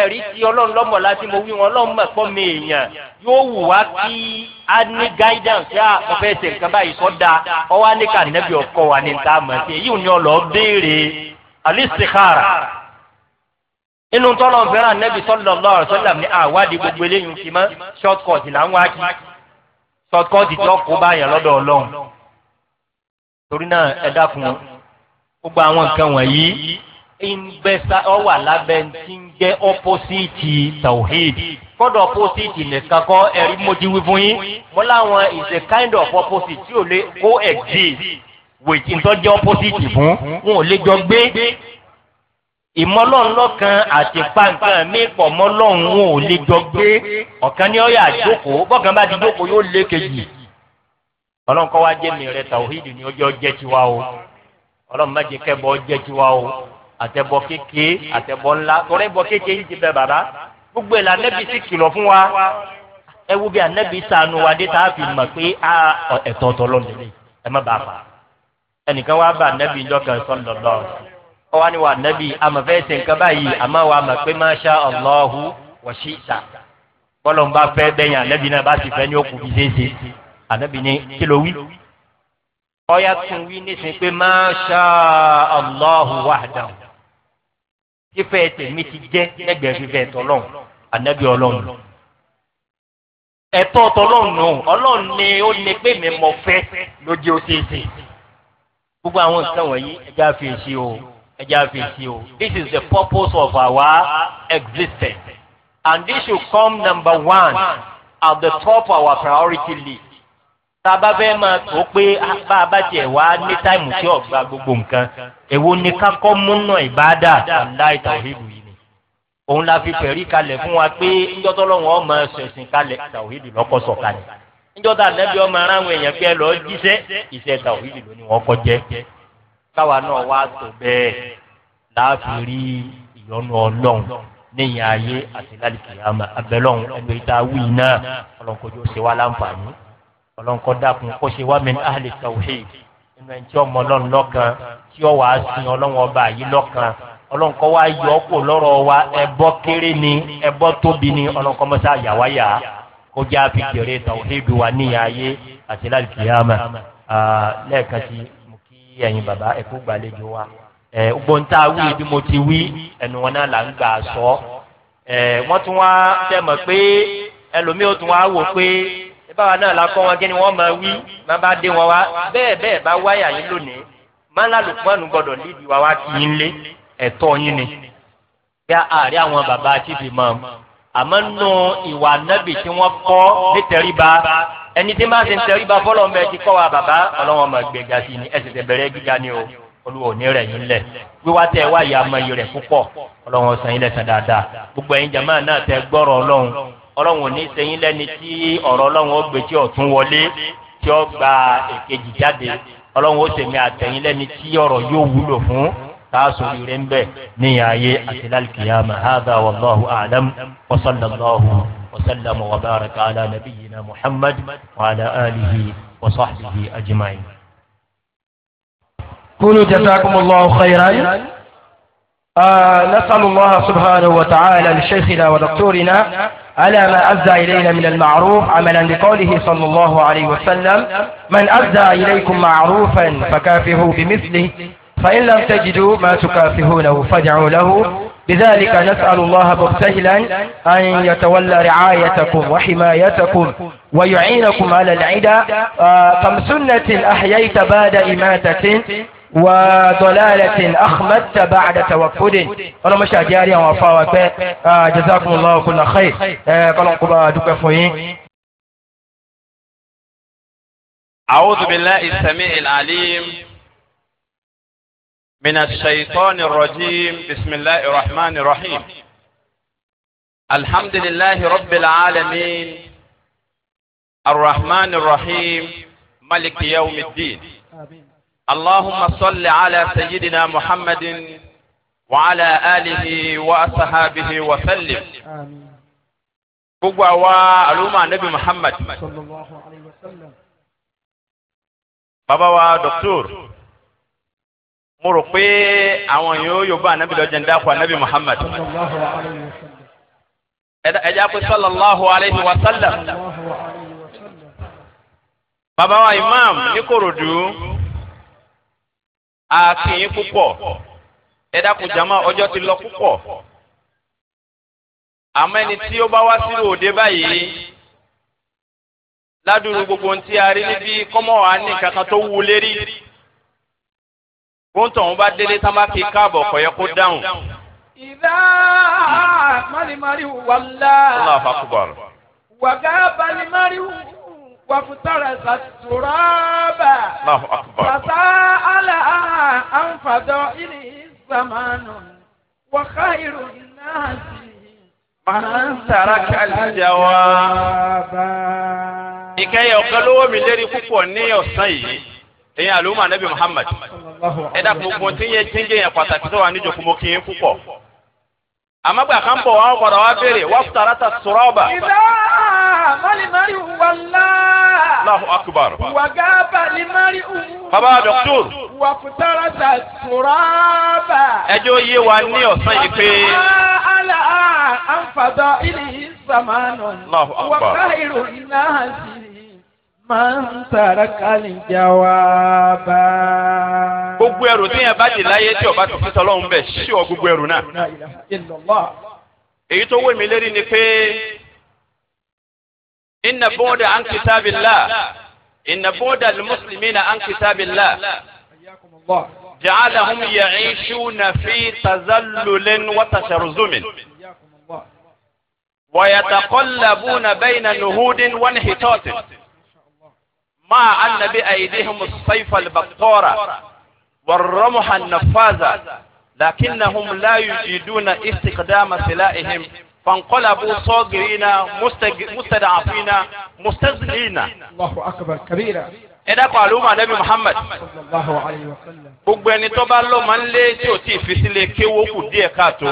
ẹ̀rí tí ọlọ́run lọ́mọ̀lá tí mo wí wọn ọlọ́run mọ̀ pọ́ mi èèyàn yóò wù wá kí a ní guidance yá ah, mo fẹ́ ṣe nǹkan báyìí kọ́ da ọwọ́ aníkà nẹ́bí ọkọ wa ní nta mọ̀ sí èyí ni ọlọ́ béèrè alisikara inú tọ́lọ̀ fẹ́ràn nẹ́bí sọ́lọ́ lọ́rọ̀ sọ́lá ní àwádìí gbogbo eléyìí fi mọ́ short cut là ń wá kí short cut ti ọkọ̀ báyàn lọ́dọ̀ ọlọ́run torí náà ẹ dákun gbogbo àwọn nǹkan wọ̀nyí ìgbésà ọwà lábẹ́ ti ń jẹ́ ọ́pọ́sìtì tawhid kọ́dọ̀ ọ́pọ́sìtì nìkan kọ́ ẹ̀rí mojú wí fún yín mo is a kind of opposite tí ò lè kó exist wèjì ń tọ́ ọ́pọ́sìtì fún wọn ò lè jọ gbé ìmọ̀lọ́run lọ́kan àti pàǹkan mi pọ̀ mọ́lọ́run wọn ò lè jọ gbé ọ̀kan ní ọ̀yà àjókòó bọ́kan bá ti jókòó yóò lé kejì ọlọ́run kọ́ wá jẹ́ mi rẹ tàwíìdì ni ọjọ́ jẹ́ tiwa o ọlọ́run má jẹ́ kẹ́bọ jẹ́ tiwa o àtẹ̀bọ kéke àtẹ̀bọ ńlá torí bọ kéke yìí ti bẹ bàbá gbogbo ìlànà nẹ́bí sì kìlọ̀ fún wa ẹ wo bí anẹ́bí sànù wa dé tá a fi mọ̀ pé ẹ̀tọ́ ọ̀tọ̀ lọ́nà ẹ má bàa fà ẹnìkan wá bá anẹ́bí lọ́kàn sọ́nà lọ́wọ́ ọwọ́ ni wà nẹ́bí amọ̀fẹ́sẹ̀ nǹkan báyìí àmọ́ wa mọ̀ pé máṣá ọlọ́hu wọ̀ṣíṣà bọ́lọ̀ ń bá fẹ́ bẹ́yìn anẹ́bí náà bá sì fẹ́ ní òkú fi ṣeéṣe ànábì ní kí ló wí. tún wí nísìnyí pé máṣá allahu wahdahu fífẹ́ tèmi ti jẹ́ lẹ́gbẹ̀ẹ́ fífẹ́ tọ́lọ́hún ànábì ọlọ́run. ẹ̀tọ́ tọ́lọ́hún nù ọlọ́run ni ó ní pé mi mọ̀ fẹ́ lójú ó gbogbo àwọn nǹkan wọ̀nyí ẹja fi èsì o ẹja fi èsì o this is the purpose of our existence and this should come number one at the top of our priority list tá a bá fẹ́ máa tó pé ah, bá a bá tiẹ̀ wá ní táìmù tí ọ̀gbà gbogbo nǹkan èwo ni kákọ́ múnà ìbáàdà láì tàwíìdù yìí ni òun la fi fẹ̀rí kalẹ̀ fún wa pé ńjọ́tọ́lọ́wọ́n ọmọ ẹ̀sìn kalẹ̀ tàwíìdù lọ́kọ̀sọ̀ kalẹ̀ ńjọ́tà nẹ́bí ọmọ aráwọ̀ èèyàn fẹ́ lọ jíṣẹ́ ìṣẹ́ tàwíìdù ló ní wọ́n kọ́ jẹ́ káwa náà wá tó bẹ́ẹ̀ láàfin ìyọnu ọlọ́run níyàn ayé àti lálẹ́ kìlámà abẹ́lọ́run ẹgbẹ́ wíì náà ọlọ́run kojú ó ṣe wá láǹfààní ọlọ́nkọ́ dákun kó ṣe wá mi ní ahli tawhid nínú ẹni tí ọmọ ọlọ́run lọ́kan tí ó wàá sin ọlọ́run ọba yìí lọ́kan ọlọ́nkọ́ wá yọ ọ́ kó lọ́rọ̀ wa ẹbọ kéré ni ẹbọ tóbi ni ọlọ́nkọ́ mọ́sá yàwáyà kó jẹ́ àfi jèrè tawhid wa níyà ayé àti láti kìyàmà lẹ́ẹ̀kan sí mo kí ẹ̀yin bàbá ẹ̀kú gbàlejò wa gbọ́n tá a wí bí mo ti wí ẹnu wọn náà là ń gbà sọ wọ́n tún wá tẹ̀ mọ̀ pé ẹlòmíì tún wá wò pé báwa náà la kọ́ wọn kí ni wọ́n máa wí máa bá dé wọn wá bẹ́ẹ̀ bẹ́ẹ̀ bá wáyà yín lónìí mọ́lá lùkúmọ́nù gbọ́dọ̀ lídìí wá wá kí yín lé ẹ̀tọ́ yín ni. bí àárẹ̀ àwọn bàbá àtìbí mọ́ àmọ́ nù ìwà nábì tí wọ́n kọ́ nítẹríba ẹni tí máa ti ń tẹríba fọlọ́ mẹ́ ti kọ́ wa bàbá ọlọ́wọ́n máa gbé ga sí ni ẹ̀ tẹ̀tẹ̀ bẹ̀rẹ̀ gíga ni o olùwọ̀ ní rẹ̀ yín lẹ̀ wíwá tẹ wáyà amáyé rẹ̀ púpọ̀ ọlọ́wọ́n sàn yín lẹ̀ sàn dáadáa gbogbo ẹ̀yin jàmáà náà tẹ gbọ́rọ̀ ọlọ́run ọlọ́run ò ní sẹ́yìn lẹ́ni tí ọ̀rọ̀ ọlọ́run ó gbé tí ọ̀tún wọlé tí ó gba èkejì jáde ọlọ́run ó sèmi àtẹ̀yìn lẹ́ni tí ọ̀rọ̀ yóò wúlò fún taasu ire nbɛ ní yaaye àti lálkìyàmà hàdà wàlláhu àdàm wasallallahu wasallam wa baraka ala nabiyina muhammad wa ala alihi wa sahbihi ajma'in. كونوا جزاكم الله خيرا آه نسأل الله سبحانه وتعالى لشيخنا ودكتورنا على ما أبدى إلينا من المعروف عملا لقوله صلى الله عليه وسلم من أبدى إليكم معروفا فكافهوا بمثله فإن لم تجدوا ما تكافهونه فادعوا له بذلك نسأل الله مبتهلا أن يتولى رعايتكم وحمايتكم ويعينكم على العدى كم آه، سنة أحييت بعد إماتة وضلالة أخمدت بعد توفد ọlọ́run mọ́ṣẹ́ جاريا وفاوك جزاكم الله كل خير khair آه، قبا دوك فوين أعوذ بالله السميع العليم من الشيطان الرجيم بسم الله الرحمن الرحيم الحمد لله رب العالمين الرحمن الرحيم ملك يوم الدين اللهم صل على سيدنا محمد وعلى آله وأصحابه وسلم gbogbo àwa àlùmọ anabi muhammad bàbá wa dọkítọr mo rò pé àwọn yóò yóò bá anabi lọ́jọ́ ń dákọ̀ anabi muhammad ẹja pé sallallahu alayhi wa sallam bàbá wa imam ní korodu a kí yín púpọ̀ ẹ dákun jama ọjọ́ ti lọ púpọ̀ àmọ́ ẹni tí ó bá wá sí òde báyìí ládùúrú gbogbo ohun tí a rí níbí kọ́mọ́ wa ní kankan tó wú lérí kóńtò òun bá délé tá má kí káàbọ̀ kọ̀ kó dáhùn. ìdá mọ́lìmọ́lì wàlá wàgá balimọ́lì wàlá wàfùtàrà sàtúrọ́bà. fàṣà àlà àǹfààdọ́ ìní ìsàmánù wàhá ìròyìn náà sí. màá ń tàrà kàlíjà wá. ìkẹyẹ ọ̀kan lówó mi lérí púpọ̀ ní ọ̀sán yìí ẹ̀yin àlùmọ́ anabi muhammad ẹ̀dá gbogbo tí yẹn ti ń yẹn pàtàkì tó wà níjòkó mo kí yín púpọ̀ àmọ́ gbà kan bọ̀ wọn kọ̀dọ̀ wá béèrè wọ́n fùtàrà sàtúrọ́bà. ìdá malimari wala. Allahu akbar. Wagaba limari umu. Baba doctor. Wà kutara sa turaba. Ẹjọ́ yé wa ní ọ̀sán yìí pé. Allahu akbar. Wà káyìrò náà sí man taraka li jawaba. gbogbo ẹrù tí yẹn bá jì láyé tí ọba ti fi sọlọ́run bẹ̀ ṣí ọ gbogbo ẹrù náà. èyí tó wé mi lérí ni pé. إن بعد عن كتاب الله إن بعد المسلمين عن كتاب الله جعلهم يعيشون في تذلل وتشرذم ويتقلبون بين نهود وانحطاط ما أن بأيديهم السيف البقارة والرمح النفاذة لكنهم لا يجدون استخدام سلائهم فانقلبوا صاغرين مستضعفين مستذلين الله اكبر كبيرا ẹ dákun àlùmọ anabi muhammad gbogbo ẹni tó bá lọ máa ń lé tí ò tí ì fi sílé kéwó kù díẹ̀ káàtó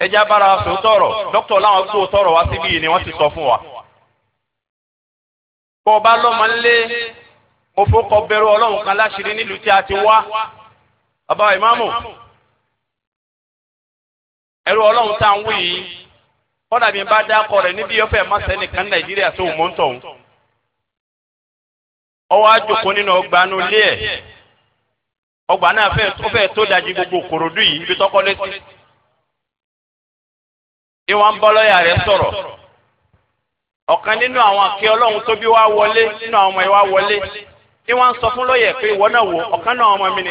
ẹjẹ abára sọ tọrọ dókítà láwọn gbó tọrọ wá síbí yìí ni wọ́n ti sọ fún wa. bọ́ ọ bá lọ máa ń lé mo fọkọ bẹ̀rù ọlọ́run kan láṣìírí nílùú tí a ti wá bàbá ìmáàmù Eru ọlọ́run tá à ń wí yìí kọ́dà mi bá dákọ̀ rẹ̀ níbi ọ̀fẹ́ mọ́sẹ̀ nìkan nàìjíríà tó mọ́ ń tọ̀hún. ọwọ́ àjòkó nínú ọgbà gbogbo kòròdú yìí ibi tọ́kọ́ létí. ìwọ̀n ń bọ́ lọ́ọ̀yà rẹ̀ sọ̀rọ̀ ọ̀kan nínú àwọn àkẹ́ ọlọ́run tó bí wọlé nínú ọmọ wọlé sọ fún pé ìwọ náà wò ọ̀kan náà ọmọ mi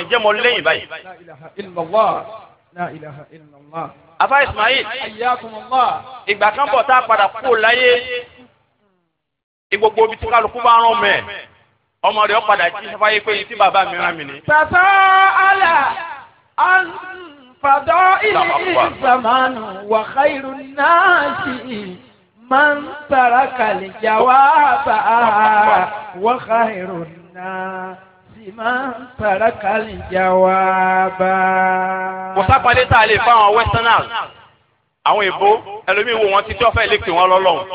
La ilaha illallah. afa ismail. ayakumullah. ìgbà kan bọ̀ tá a padà kú láyé. ìgbogbo ibi tí kálukú bá rán mẹ́. ọmọ rẹ̀ ó padà jí sáfáyé pé tí bàbá mi rán mi ni. tàtà àlà fàdọ́ ilé ìsàmánu wà khairu nasi man taraka lè jà wá bàá wà khairu nasi máa ń tàrà kálí ìjà wa bá. kò sápalẹ̀ westerners àwọn èbó ẹlòmíín wo wọn títí ọ̀fẹ́ lè pè wọ́n lọ́lọ́run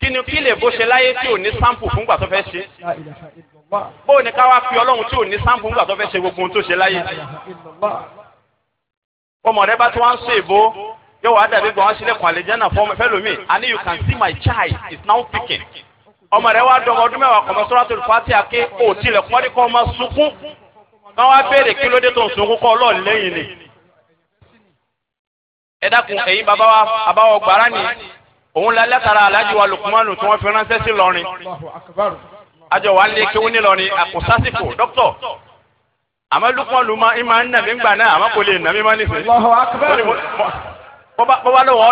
kí kí lè bó ṣe láyé tí ò ní sample fún gbà tó fẹ́ ṣe bó ní ká wá fi ọlọ́run tí ò ní sample fún gbà tó fẹ́ ṣe gbogbo ohun tó ṣe láyé. ọmọ rẹ bá tí wọ́n ń sọ èbó yóò wá dàbí gbọ́n sílẹ̀kùn àlejò náà fọ́ fẹ́ lómi and you can see my child is now picking ọmọ rẹ wá dọmọ ọdún mẹ́wàá kọmọ suratul Fatiha ké o tilẹ̀ kọ́ni kọ́ ọmọ sunkún kọ́ wá béèrè kí ló dé tó ń sunkún kọ́ ọlọ́ọ̀ lẹ́yìn ni. ẹ dákun ẹ̀yin bàbá wa bàbá wa gbàrà ni òun la lẹ́tara aláàjì wa Lukumanu tí wọ́n fi ránṣẹ́ sí lọ́rin àjọ wa ń lé kéwọ́n ní lọ́rin àkùnsásìkò dókítọ̀ àmọ́ Lukumanu ma ń máa ń nà náà àmọ́ kò lè nà mí má nífẹ̀ẹ́. bọ́bá lọ́wọ́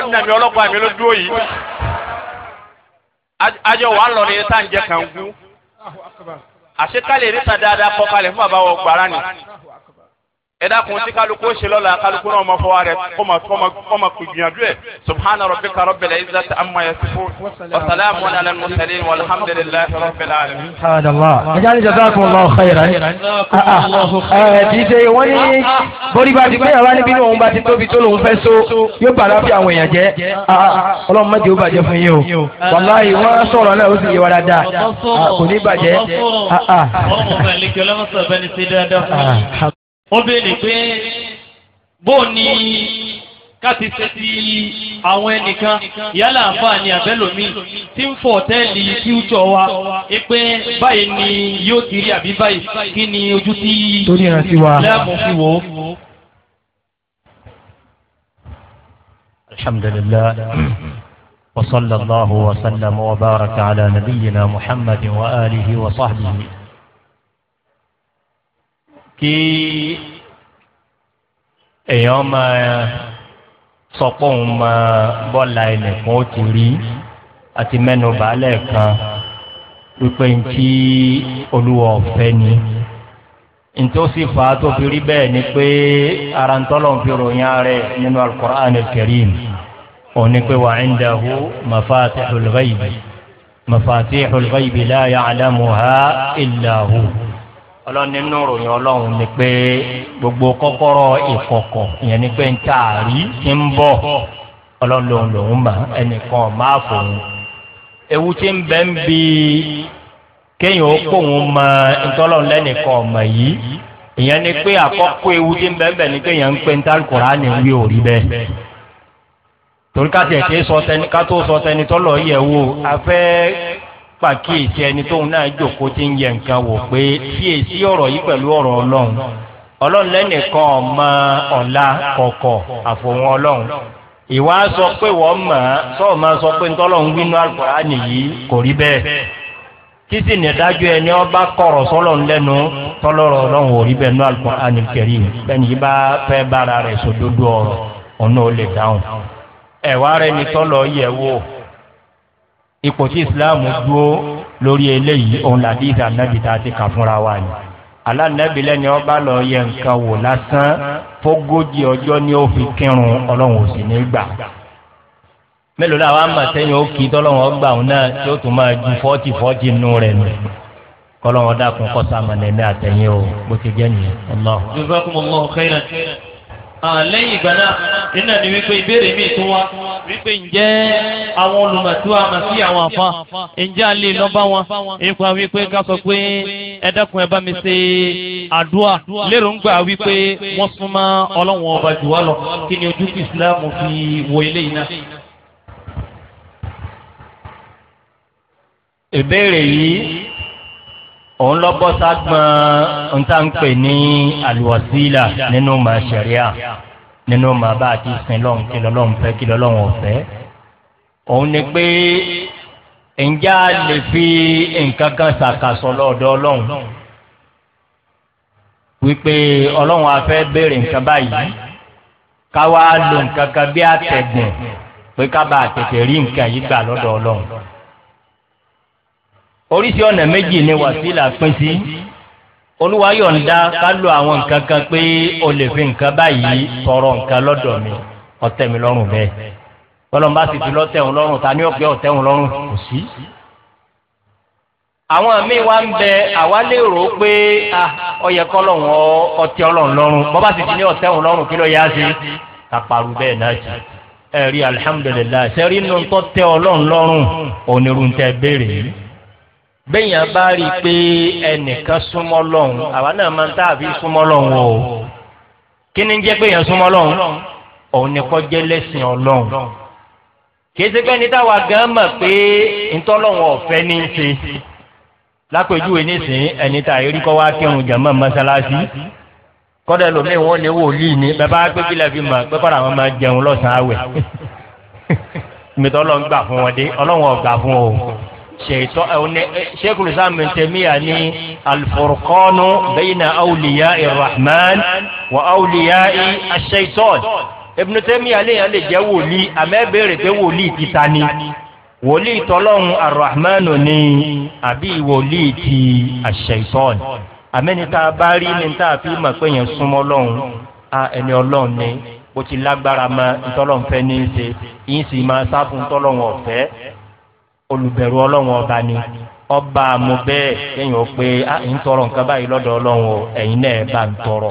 ọ̀ àjọ wà ń lọ ní tá à ń jẹ kàǹgú àṣekálẹ̀ níta dáadáa kọ́ fún bàbá wọ gbàrà ni ẹ dákun tí kálukú ṣe lọ́la kálukú náà ma fọ wa rẹ kó ma gbìyànjú ẹ subhana rabbika rabbil izzati amma yasifun wa salamun ala al-mursalin walhamdulillahi rabbil alamin. ẹ jáde jazakumullahu khairan ẹ ah, ah, ah, eh, díje wọ́n ní bórí bá ti gbéyàwó níbi ní òun bá ti tóbi tó lòun fẹ́ so yóò bàrà fi àwọn èèyàn jẹ́ ọlọ́run má jẹ́ ó bàjẹ́ fún yín o wàláhì wọ́n sọ̀rọ̀ náà ó sì yé wa dáadáa kò ní bàjẹ́. ọmọ ọmọ ìlẹ̀kẹ̀ ọlọ́mọ sọ̀rọ̀ bẹ́ẹ̀ ni ṣe dáadáa fún mi wọ́n béèrè pé bó ni ká ti ṣe ti àwọn ẹnìkan yálà àǹfààní àbẹ́lòmíì tí ń fọ ọ̀tẹ́ẹ̀lì fíútsọ̀ wa pé báyìí ni yóò ti rí àbí báyìí kí ni ojú tí láàmú fi wò ó. الحمد لله وصلى الله وسلم وبارك على نبينا محمد وآله وصحبه kí èèyàn máa sọ pé òun máa bọ́lá ẹnìkan ó ti rí àti mẹ́nu bàálẹ̀ kan wípé ń tí olúwa ọ̀fẹ́ ni ntòsí fa tó fi rí bẹ́ẹ̀ ni pé ara ntọ́lọ́n fi ròyìn rẹ̀ nínú alukur'an kẹrin òun ni pé wà á ń dàhú mafati xulbayibi mafati xulbayibi láàyè alamuha illahu ọlọ́ni inú ròyìn ọlọ́run ni pé gbogbo kọ́kọ́rọ́ ìkọ̀kọ̀ ìyẹn ni pé ń tà rí ti ń bọ̀ ọlọ́run lòun lòun mà ẹnìkan máa fòun. ewu ti ń bẹ́ ń bi kéèyàn ó kóun mọ ntọ́lọ́run lẹ́nìkan ọ̀mọ̀ yìí ìyẹn ni pé àkọ́kọ́ ewu ti ń bẹ́ ń bẹ̀ ni kéèyàn ń pe ń tálùkùrá ni wí ò rí bẹ́ẹ̀. torí ká tiẹ̀ ké sọ tẹni ká tó sọ tẹni tọ́lọ̀ yẹ̀ wò afẹ́ pàkíyèsí ẹni tóun náà jòkó ti ń yẹ nǹkan wò pé kíyèsí ọ̀rọ̀ yìí pẹ̀lú ọ̀rọ̀ ọlọ́run ọlọ́run lẹ́nìkan ọmọ ọ̀la kọ̀kọ̀ àfòun ọlọ́run ìwà sọ pé wọ́n mọ̀ ọ́ sọ́ọ̀ máa sọ pé ntọ́lọ́run wínú àgbà nìyí kò rí bẹ́ẹ̀ kí sì ní dájú ẹni ọba kọ̀rọ̀ sọ́lọ́run lẹ́nu tọ́lọ́rọ̀ ọlọ́run ò rí bẹ́ẹ̀ nú àgbà nìkẹ́rì bẹ́ẹ̀ni yìí bá fẹ́ bára rẹ̀ sòdodo ọ̀rọ̀ ọ̀nà ò lè dáhùn ẹ̀wá rẹ̀ ni tọ́lọ́ yẹ̀ wò ipò tí islam dúró lórí eléyìí òun làdí ìdá nàbì tá a ti kà fúnra wa ni alánàbì lẹ́ni ọba lọ yẹ nǹkan wò lásán fógójì ọjọ́ ni ó fi kírun ọlọ́run ò sì ní gbà mélòó làwọn amọ̀tẹ́yìn ó kí tọ́lọ́wọ́n gbà òun náà tí ó tún máa ju fọ́tì fọ́tì nù rẹ̀ nù kọ́lọ́wọ́n dákun kọ́sàmọ̀lẹ́mí àtẹ̀yìn o bó ti jẹ́ nìyẹn lẹ́yìn ìgbà náà nínú ni wípé ìbéèrè mi tún wá wípé ǹjẹ́ àwọn olùmọ̀tí wa mà sí àwọn àfa ǹjẹ́ a lè lọ bá wọn nípa wípé ká sọ pé ẹ dákun ẹ bá mi ṣe àdúrà lérògbà wípé wọ́n súnmọ́ ọlọ́wọ́n ọba jù wá lọ kí ni ojú kí ìsìlámù fi wo eléyìí náà. ìbéèrè yìí òun lọ bọ́ ságbọ́n nta ń pè ní àlùwàsílà nínú mà sẹ̀ríà nínú mà bá a ti sin lọ́hùn kí lọ́hùn fẹ́ kí lọ́hùn ọ̀fẹ́ òun ni pé ǹjẹ́ a lè fi nǹkan kan ṣàkàsọ lọ́dọ̀ ọlọ́run wípé ọlọ́run a fẹ́ béèrè nǹkan báyìí ká wá lo nǹkan kan bí àtẹ̀gùn pé ká bá a tètè rí nǹkan yìí gbà lọ́dọ̀ ọlọ́run oríṣi ọ̀nà méjì ni wàsílà pín sí olúwa yọ̀ǹda ká lo àwọn nǹkan kan pé o lè fi nǹkan báyìí tọrọ nǹkan lọ́dọ̀ mi ọ̀tẹ̀ mi lọ́rùn bẹ́ẹ̀ tọ́lọ́mbà sì ti lọ́tẹ̀ òun lọ́rùn ta ní ọ̀pẹ́ ọ̀tẹ̀ òun lọ́rùn kò sí àwọn míì wá ń bẹ àwa lè pé ọyẹ kọlọ́hún ọtí ọlọ́run lọ́rùn bọ́ bá sì ti ní ọ̀tẹ́ lọ́rùn kí ló yá sí kàparu bẹ́ẹ̀ náà jù ẹ alihamudulilayi sẹ́rí inú tó tẹ ọlọ́run lọ́rùn onírúntẹ́ béèrè yìí bẹ́yìn abá rí i pé ẹnìkan súnmọ́ lọ́hùn àwa náà máa ń tá àfi súnmọ́ lọ́hùn o kí ni jẹ́ pé èèyàn súnmọ́ lọ́hùn òun nìkan jẹ́ lẹ́sìn ọlọ́hùn kèsì pé ní táwa gan mọ̀ pé ntọ́lọ́hùn ọ̀fẹ́ ní í ṣe lápèjúwe nísìnyí ẹni tá àyè rí wá kírun jàmọ́ mọ́sálásí kọ́dà lómi wọn lè wòlíì ní bàbá gbẹ́gílẹ̀ fi mọ̀ pé kọ́dà wọn máa jẹun lọ́sàn-án àwẹ̀ mìtọ́ ọlọ́run gbà fún wọn dé ọlọ́run ọ̀gbà fún wọn o ṣètò ṣékùlù eh, eh, sàmìtẹ́míyà ní alfurqanu bayna awliya irrahman wa awliya ash-shaytan ibnu tẹ́míyà léèyàn lè jẹ́ wòlíì àmẹ́bẹ̀rẹ̀ pé wòlíì ti ta ni wòlíì tọ́lọ́hun arrahmanu ni àbí wòlíì ti ash-shaytan àmẹ́nita bá rí ní tá a fi mọ̀ pé yẹn súnmọ́ lọ́hùn a ẹni ọlọ́run ni bó ti lágbára mọ́ ntọ́lọ́hun fẹ́ ní í ṣe yín sì máa sá fún ntọ́lọ́hun ọ̀fẹ́ olùbẹ̀rù ọlọ́run ọba ni ọba mo bẹ́ẹ̀ kéèyàn pé à ń tọrọ nǹkan báyìí lọ́dọ̀ ọlọ́run o ẹ̀yin náà bá ń tọrọ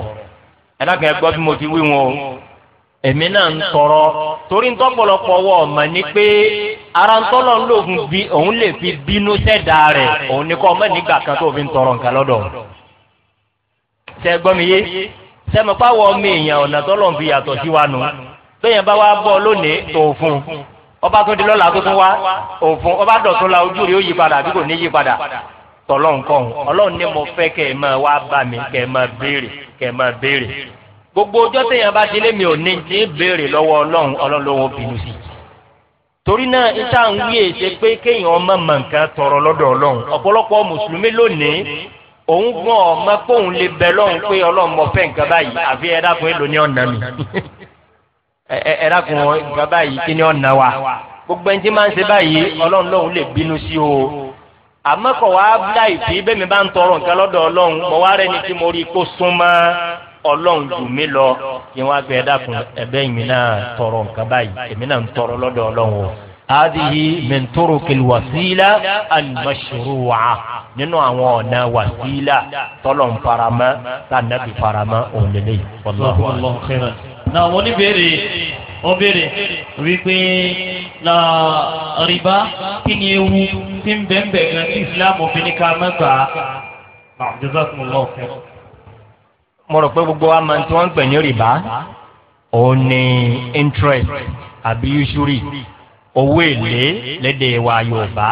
ẹ̀dákan ẹgbọ́ bí mo ti wí wọn o èmi náà ń tọrọ wọ ni pé ara ń tọ́lọ̀ ń lò fún bí òun lè fi bínú sẹ́dá rẹ̀ òun ni kọ́ ọmọ nígbà kan tó fi ń tọrọ nǹkan lọ́dọ̀ ṣe gbọ́ mi yé ọba tó di lọ́la tó tún wá òfun ọba dọ̀tún la ojú rẹ̀ ó yí padà àbí kò ní yí padà tọlọ́n kọ́hún ọlọ́run ní mo fẹ́ kẹ́ ẹ máa wá bá mi kẹ́ ẹ máa béèrè kẹ́ ẹ máa béèrè gbogbo ọjọ́ téèyàn bá ti lé mi ò ní ní béèrè lọ́wọ́ ọlọ́run ọlọ́run lòun bínú sí torí náà ìta ń wí èsè pé kéèyàn ọmọ mọ̀ nǹkan tọrọ lọ́dọ̀ ọlọ́run ọ̀pọ̀lọpọ̀ mùsùlùmí lónìí òun gan ọmọ kóun lè bẹ lọ́hùn pé ọlọ́run mọ̀ fẹ́ nǹkan báyìí àfi ẹ dákun èlò ní ọ̀nà mi ẹ dákun nǹkan báyìí kí ni ọ̀nà wa gbogbo ẹni tí máa ń ṣe báyìí ọlọ́run lòun lè bínú sí o àmọ́ wá láì fi bẹ́ẹ̀ bá ń tọrọ nǹkan lọ́dọ̀ ọlọ́run mọ̀ wá rẹ́ni tí mo rí i kó súnmọ́ ọlọ́run jù mí lọ kí wọ́n á gbé ẹ̀dákun ẹ̀bẹ́ mi náà tọrọ nǹkan báyìí èmi náà ń tọrọ lọ́dọ̀ ọlọ́run o. adìyí mẹ́ntòrò kìlùwàsílà àlùmọ̀ṣòrùwà nínú àwọn ọ̀nà wàsílà tọ́lọ̀ ń faramọ́ tànàbì faramọ́ òun lélẹ́yìn na àwọn oníbèrè wọ́n béèrè wípé la rìbá kí ni ewu tí ń bẹ́ẹ̀ bẹ́ẹ̀ gan tí Islam fi ní ká mẹ́ta jazakumullahu khair. mo rò pé gbogbo wa máa ń tí wọ́n ń pè ní rìbá òun ni interest àbí usury owó èlé lédè wa Yorùbá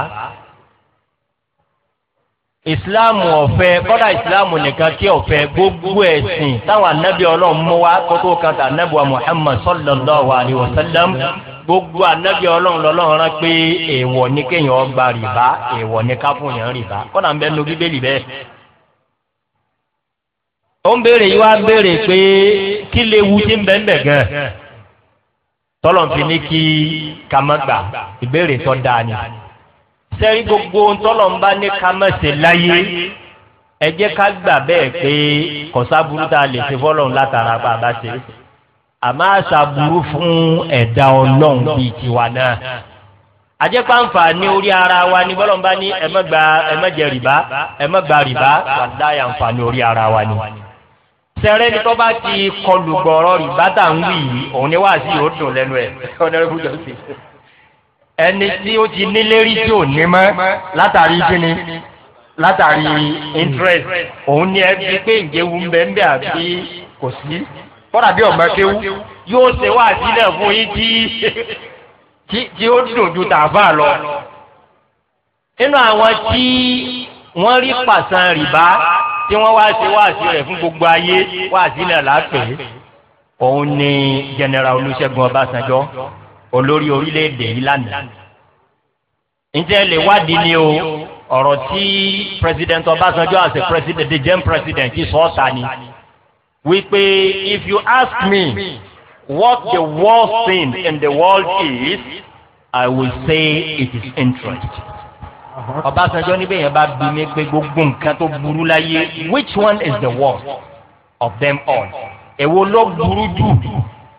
ìsìláàmù ọ̀fẹ́ kọ́dà ìsìláàmù nìkan kí ọ̀fẹ́ gbogbo ẹ̀sìn táwọn anábì ọlọ́run mú wa kótó kan tà anábì wa muhammad sallallahu alayhi wa sallam gbogbo anábì ọlọ́run lọ́lọ́run rán pé èèwọ̀ ní kéèyàn gba rìbá èèwọ̀ ní káfùnyàn rìbá kọ́dà ń bẹ nu bíbélì bẹ́ẹ̀. ó ń béèrè yìí wá béèrè pé kí léwu ti ń bẹ́ ń bẹ̀ gan tọ́lọ̀ fi ní kí kàmọ́gbà ìbéèrè tọ́ dáa ni sẹ́rí gbogbo ntọ́lọ̀ ń bá ní ká mẹ́sẹ̀ láyé ẹ jẹ́ ká gbà bẹ́ẹ̀ pé kọ̀sáburú tá a lè ṣe fọ́lọ́run látara bá a bá ṣe àmọ́ àṣàburú fún ẹ̀dá ọlọ́run bíi tiwa náà àjẹpá nfààní orí ara wa ni bọ́lọ̀ ń bá ní ẹ mọ́gba ẹ mọ́jẹ rìbá ẹ mọ́gba rìbá wàdáyà nfààní orí ara wa ni. sẹ́rẹ́ ni tọ́ba ti kọlù gbọ̀ọ́rọ̀ rìbá tà ń wí yìí òun ni wàá sí òótọ́ lẹ́nu ẹ̀ ọ̀nẹ́rẹ́bù jọ́sìn ẹni tí ó ti nílérí tí ò ní mọ́ látàrí kíni látàrí interest òun ni ẹ fi pé ìjẹun ń bẹ ń bẹ àbí kò sí kọ́dà bí ọ̀gbẹ́ kéwú yóò ṣe wá sílẹ̀ fún yín tí tí ó dùn ju tààfà lọ. nínú àwọn tí wọ́n rí pàṣán rìbá tí wọ́n wá ṣe wá sí rẹ̀ fún gbogbo ayé wá sílẹ̀ lápẹ́ òun ni general olùṣègùn ọbásanjọ́ olórí orílẹ̀-èdè yìí lánàá. ǹjẹ́ lè wádìí ni o ọ̀rọ̀ tí president Obasanjo, as a president the gen president sọ ọ́ ta ni wípé if you ask me what the worst thing in the world is i will say it is interest. ọbásanjọ́ níbẹ̀ yẹn bá bí mi pé gbogbo nǹkan tó burú láyé which one is the worst of them all èwo ló burú jù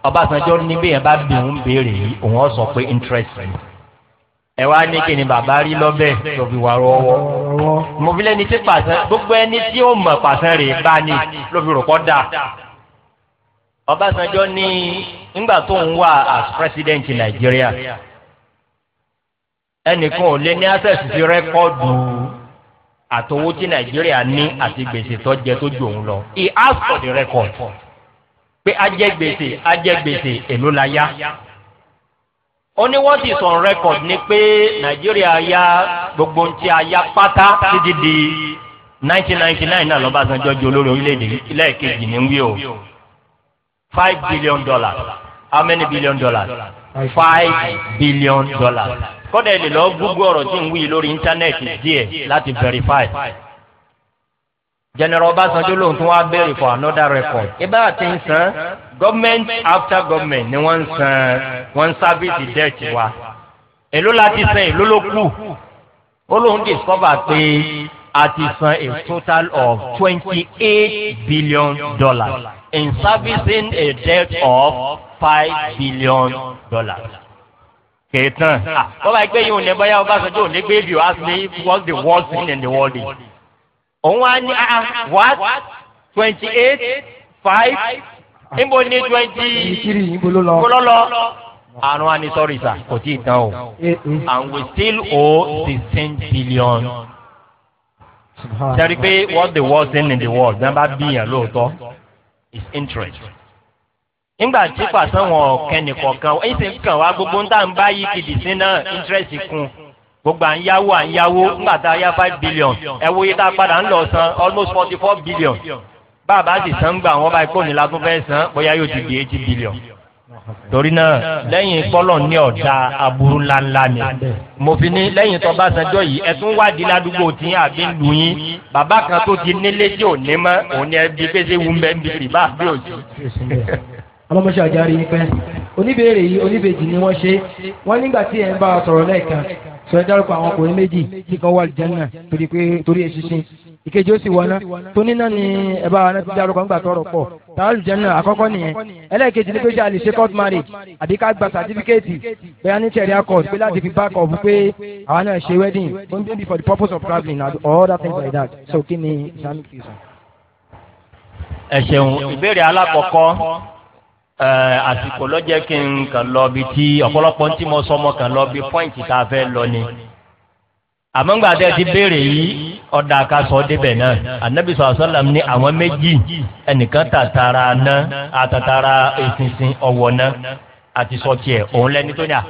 ọbásanjọ́ ní bí yẹn bá bí òun béèrè yìí òun ọ̀ sọ pé interest rẹ̀ ẹ wá ní kí ni bàbá rí lọ́bẹ̀ tó fi wà rọ́wọ́ mo fi lẹ́ni tí pàṣẹ gbogbo ẹni tí ó mọ̀ pàṣẹ rè bá ní ló fi rò dà ọbásanjọ́ ní nígbà tó ń wà as president nàìjíríà ẹnìkan ò lè ní access sí rẹ́kọ́ọ̀dù àtowó tí nàìjíríà ní àti gbèsè tó jẹ tó jù òun lọ he asked for the record pé ajẹ́gbèsè ajẹ́gbèsè èló la yá ó ní wọ́n ti sọ̀n rẹ́kọ̀d ni pé nàìjíríà ya gbogbo ntí a ya pátá títí di nineteen ninety nine náà lọ́bàṣánjọ́ ju olórí orílẹ̀-èdè ilẹ̀ kejì ní wí o five billion dollars how many billion dollars five billion dollars kọ́dà ẹ̀ lè lọ gúgú ọ̀rọ̀ tí ń wí lórí íńtánẹ́ẹ̀tì díẹ̀ láti verify general ọbásanjọ́ lòun tún wá béèrè for another record ibà àti ń san government after government ni wọ́n ń san wọ́n ń sábìsì debt wa èló láti san èló ló kù ó lóun discover pé a ti san a total of twenty eight billion dollars in servicing a debt of five billion dollars. kèétan ah, bọ́lá ẹgbẹ́ yìí ò ní bọ́yá ọbásanjọ́ ò ní gbé bí wàá sí what's the worst thing in the world is òun wá ní ah, ah what twenty eight five níbo ni twenty kólọ́lọ́ àrùn wa ni sọ́ọ̀rì sà kò tí ì tán o eh, eh. and we still owe sixteen billion sẹ́rí pé what the world say in the world bí wọ́n bá bí yàn lóòótọ́ is interest nígbà tí pàṣẹ wọn kẹ́nìkọ̀ọ̀kan ẹ̀yìn tí ń kàn wá gbogbo ń tà ń bá yí kìdìsí náà interest kún un gbogbo à ń yáwó à ń five billion ẹ wo iye tá a padà san almost forty four billion bàbá sì san gbà wọn báyìí kò ní la tún fẹ́ san bóyá yóò ti di eighty billion torí náà lẹ́yìn kọ́lọ̀ ní ọ̀dà aburú ńláńlá ni mo fi ní lẹ́yìn tó bá sanjọ́ yìí ẹ̀tún wádìí ládùúgbò tí àbí lù yín bàbá kan tó ti nílé tí ò ní mọ́ òun ni ẹbí pèsè wù mẹ́ bí rìbá bí òjì. ọlọ́mọṣẹ́ àjárí yín pẹ́ oníbèrè yìí oníbejì ni wọ́n ṣe wọ́n nígbà tí ẹ̀ ń bá a sọ̀rọ̀ lẹ́ẹ̀kan sọ ẹ dárúkọ àwọn ọkùnrin méjì tí kan wà lìjẹ́nà torí pé torí eṣinṣin ìkejì ó sì wọná tóní náà ni ẹ bá wọn ti dárúkọ ńgbà tọrọ pọ̀ tàà lìjẹ́nà àkọ́kọ́ nìyẹn ẹlẹ́ẹ̀kejì ni pé ṣe àlè ṣe court marriage àbí ká gba sàtífíkẹ́ẹ̀tì bẹ́ẹ̀ ní tẹ̀rí accord pé láti fi back up pé àwa náà ṣe wedding ó bí for the purpose of travelling and all that things like that so kí ni islamic reason. ẹ ṣeun ìbéèrè alákọ̀ọ́kọ́ àsìkò lọ́jẹ́ kí n kàn lọ bi tí ọ̀pọ̀lọpọ̀ tí mo sọ mo kàn lọ bi pọ́ìntì tá a fẹ́ lọ ni. àmọ́ ńgbà tẹ́ ti béèrè yìí ọ̀dà ká sọ débẹ̀ náà ànábì sọ̀rọ̀ sọ́làm ní àwọn méjì ẹnìkan tàtàrà náà àtàtàrà ìsinsin ọ̀wọ̀ náà àti sọ tiẹ̀ òun lẹ́ni tó ní à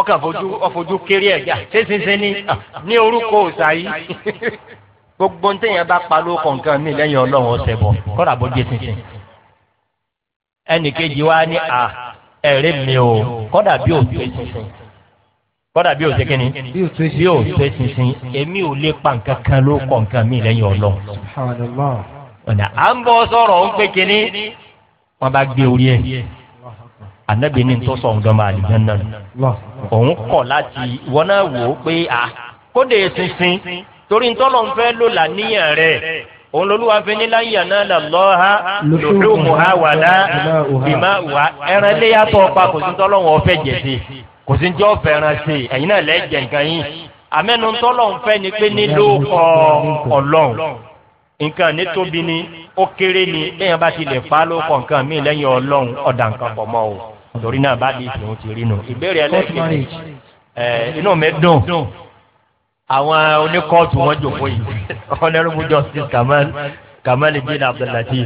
ọkàn fojú ọfojú kéré ẹ̀ ṣé sinsin ni ní orúkọ òòsà yìí gbogbo ntẹ̀yìn bá pa ló kọ̀ọ̀kan mi lẹ́yìn ọlọ́run ọ̀sẹ̀ bọ̀ kọ́ra bó jẹ́ sinsin ẹnì kejì wa ní à ẹ̀rí mi o kọ́dà bí o tó ṣinṣin kọ́dà bí o ṣe kíni bí o tó ṣinṣin èmi ò lè pa nǹkan kan ló kọ̀ nǹkan mi lẹ́yìn ọlọ́run ọ̀nà à ń bọ́ sọ̀rọ̀ ń pé kíní wọ́n bá gbé orí ẹ̀ anabi ni tó sọ ọdọ máa nìyẹn náà òun kọ láti wọn náà wò ó pé à kóde ṣinṣin torí ntọ́lọ́ ń fẹ́ lò láníyàn rẹ̀ òun lolúwa fi ní láyé àná lọ́ha lòlùmùhá wà lá ìmá wà ẹran léyà tó ọpa kò sí tọ́lọ́wọ́n ọ̀fẹ́ jẹ̀sí kò sí jẹ́ ọ̀fẹ́ ẹran sí ẹ̀yin náà lẹ́jẹ̀ nǹkan yín àmẹ́nu tọ́lọ́wọ́n fẹ́ ni pé nílò ọlọ́run nǹkan ní tóbi ni ó kéré ni lẹ́yìn bá ti lè pa ló nǹkan míì lẹ́yìn ọlọ́run ọ̀dà nǹkan pọ̀ mọ́ o torí náà bá di ìsìn òun ti rí nu ìbéèrè ẹlẹ́gbẹ̀ẹ́ àwọn oníkóòtù wọn jòkó yìí honourable justice kamal kamal ibn abdullahi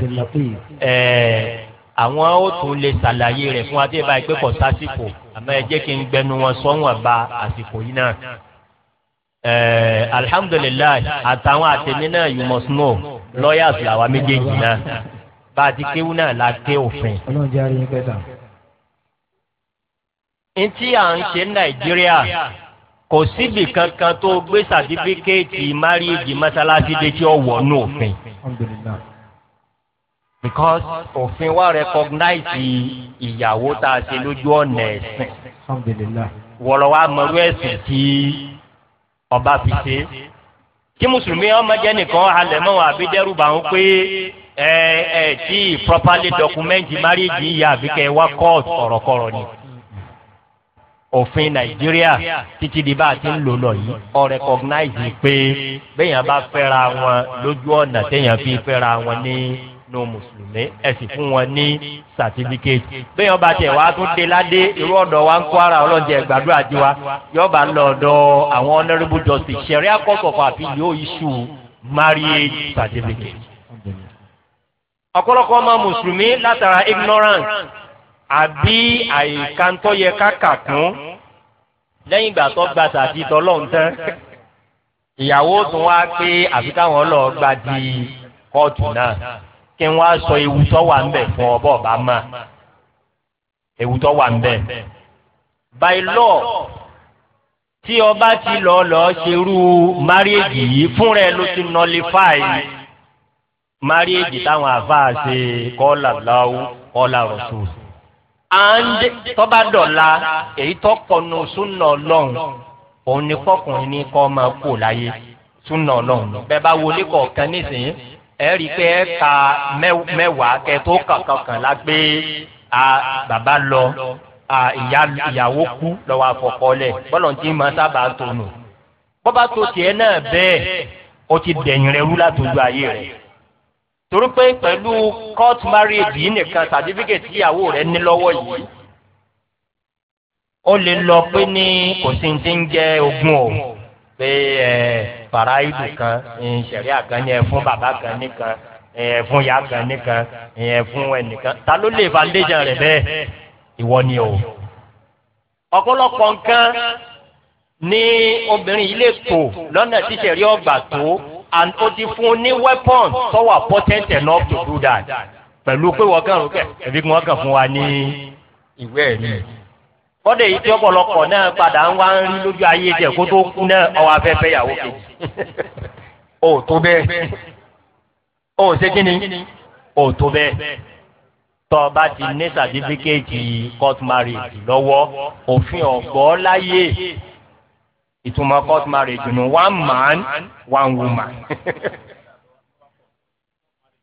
ẹ àwọn ó tún lè ṣàlàyé rẹ fún wa tí ẹ bá yẹ pé kò sásìkò àmọ́ ẹ jẹ́ kí n gbẹnu wọn sọ́wọ́n ba àsìkò yìí náà alhamdulilayi àtàwọn àtẹ̀mí náà you must know lawyers làwa méjèèjì náà bá a ti kéwú náà la ké òfin. ntí à ń ṣe nàìjíríà kò síbi kankan tó gbé sàtífíkẹ́ẹ̀tì máríèjì mọ́sálásí dé tí ó wọ̀ ní òfin because òfin wa recognize ìyàwó tá a ṣe lójú ọ̀nà ẹ̀sìn wọ̀rọ̀ wa mọ̀rú ẹ̀sìn tí ọba fi ṣe tí mùsùlùmí ọmọdé nìkan halẹ̀ mọ́ àbí dẹ́rùbà ń pé ẹ ẹ tí properly document marriage yìí àbíkẹ́ wa court ọ̀rọ̀kọ̀rọ̀ ni òfin nàìjíríà títí di bá a ti ń lò lọ yìí ọ rẹkọgnáìsì pé béèyàn bá fẹ́ra wọn lójú ọ̀nà téèyàn fi fẹ́ra wọn ní nu mùsùlùmí ẹ̀sìn fún wọn ní sàtífíkẹ́tì béèyàn bá tẹ̀ wá tún dé ládé irú ọ̀dọ̀ wa ń kó ara ọlọ́jẹ̀ gbàdúrà di wa yóò bá lọ ọ̀dọ̀ àwọn honourable justice sẹ̀ríà kọ́kọ̀kọ̀ àfi yóò iṣu marriage certificate. ọ̀pọ̀lọpọ̀ ọmọ mùsùlùmí látara ignorance àbí àyíkántọ́ yẹ káka kún lẹ́yìn ìgbà tó gba tàbí tọ́lọ́hún tán ìyàwó tún wá pé àfi káwọn lọ gba di kóòtù náà kí wọ́n á sọ ewu tó wà ńbẹ̀ fún ọ bọ́ọ̀ bá mọ̀ ewu tó wà ńbẹ̀ by law tí ọba ti lọ lọ ṣerú márìèjì yìí fúnra ẹ ló ti nullify márìèjì táwọn àfáà ṣe kọ́ làbláwú kọ́ làrọ̀ṣù à ń dé tọ́ba dọ̀la èyí tó kọnu súnà ọlọ́run òun ni kọkùnrin ní kọ́ máa kú láyé súnà ọlọ́run bẹ́ẹ̀ bá wọlé kọ̀ọ̀kan nísìnyí ẹ rí i pé ẹ ka mẹ́wàá kẹ tó kankan kan la gbé a bàbá lọ a ìyàwó kú lọ́wọ́ àfọ̀kọ́lẹ̀ bọ́lọ̀ tí ma sábà tó nù bọ́ba tó tiẹ̀ náà bẹ́ẹ̀ ó ti dẹ̀yìn rẹ̀ rú látọjú ayé rẹ̀ torí pé pẹ̀lú court marriage yìí nìkan certificate ìyàwó rẹ̀ ní lọ́wọ́ yìí ó lè lọ pé ní kò sí ti ń jẹ́ ogún o pé ẹ faraidu kan ṣẹ̀ríà kan ní ẹ fún bàbá kan nìkan ẹ fún ìyá kan nìkan ẹ fún ẹnìkan ta ló lè validation rẹ̀ bẹ́ẹ̀ ìwọ ni o ọ̀pọ̀lọpọ̀ nǹkan ni obìnrin yìí lè tò lọ́nà tí ọgbà tó and ó ti fún un ní weapon tó wà potent enough to do that pẹ̀lú pé wọ́n kàn rúkẹ̀ ẹ̀bí kí wọ́n kàn fún wa ní ìwé ẹ̀rí. kọ́dé yìí tí ọ̀pọ̀lọpọ̀ náà padà ń wá ń rí lójú ayé jẹ kó tó kú náà ọwọ́ afẹ́fẹ́ ìyàwó kejì. o tó bẹ́ẹ̀ o ṣé kí ni o tó bẹ́ẹ̀ tọ́ ọ bá ti ní sàtífíkẹ́ẹ̀tì court marriage lọ́wọ́ òfin ọ̀gbọ́ láyé ìtumọ̀ court marriage nù one man one woman.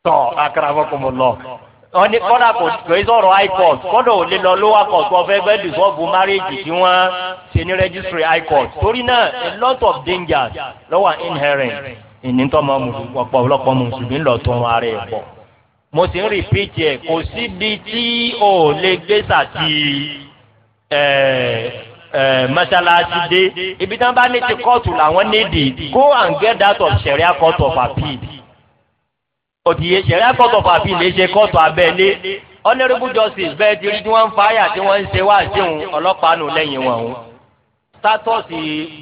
tọ́ akarabọ́kọ̀mọ́lọ́ wọ́n ní kọ́dà kò pé sọ̀rọ̀ high court kọ́dà ò lè lọ lower court wọ́n fẹ́ fẹ́ dùsọ́ọ̀bù márèèjì tí wọ́n ṣe ní registry high court torí náà a lot of dangers lọ́wọ́ inherent ìnítọ́mọ ọ̀pọ̀ ọlọ́pọ̀ mùsùlùmí lọ tó wọn ara pọ̀ mo sì ń repeat ẹ̀ kò síbi tí o lè gbé sàtì ẹ̀ Eh, mọ́sálásí dé ibi tí wọ́n bá ní ti kóòtù làwọn nídìí go and get that of sharia court of appeal òtìyẹ sharia court of appeal lè ṣe kóòtù abẹ́lé honourable justice bẹ́ẹ̀ ti rí tí wọ́n ń fáyà tí wọ́n ń ṣe wá síhun ọlọ́pàá nù lẹ́yìn wọn o status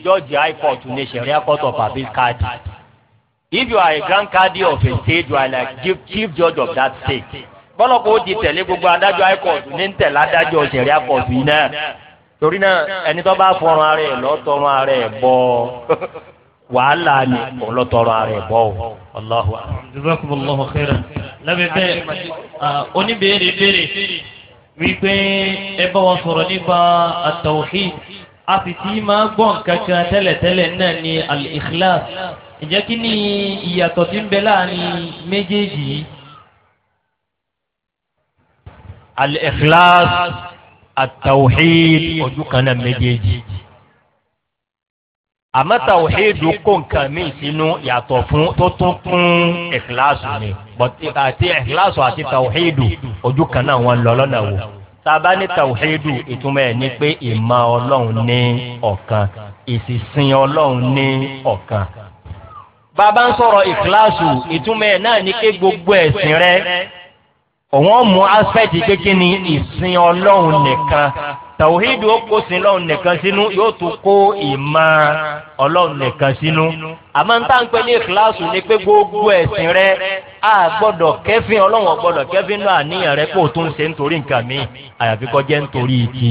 george high court ní sharia court of appeal card if you are a grand cadi of a state you are like chief, chief judge of that state bọ́lọ́pọ̀ ó di tẹ̀lé gbogbo adájọ́ high court ní tẹ̀lé adájọ́ sharia court yìí náà torí náà ẹni tó bá fọrùn ara ẹ lọtọrùn ara ẹ bọ wàhálà ni òun lọtọrùn ara ẹ bọ o. Allahu akbar. jazakumullahu khairan. lábẹ́ bẹ́ẹ̀ oníbèrè bèrè wípé ẹ bá wọn sọ̀rọ̀ nípa at-tawhid a máa gbọ́ nǹkan kan náà ní al-ikhlas kí ni ìyàtọ̀ tí ń bẹ láàrin méjèèjì yìí àtàwùhíd ojú kan náà méjèèjì àmọ́ tàwùhíd kó nǹkan míì sínú yàtọ̀ fún tó tún kún ìkíláàsù ni àti ìkíláàsù àti tàwùhíd ojú kan náà wọ́n lọ lọ́nà wò tàbá ní tàwùhíd ìtumọ̀ ẹ̀ ni pé ìmọ̀ ọlọ́run ní ọ̀kan ìsìsìn ọlọ́run ní ọ̀kan bàbá ń sọ̀rọ̀ ìkíláàsù ìtumọ̀ ẹ̀ náà ni pé gbogbo ẹ̀sìn rẹ òun mú aspect kékeré ní ìsìn ọlọ́run nìkan tàwíìdì ó kó sin ọlọ́run nìkan sínú yóò tún kó ìmọ̀ ọlọ́run nìkan sínú àmọ́ n ní ni pé gbogbo ẹ̀sìn rẹ a gbọ́dọ̀ kẹ́fìn ọlọ́run ọ̀gbọ́dọ̀ kẹ́fìn náà àníyàn rẹ kó o tún ṣe nítorí nǹkan mi àyàfi kọjá nítorí ti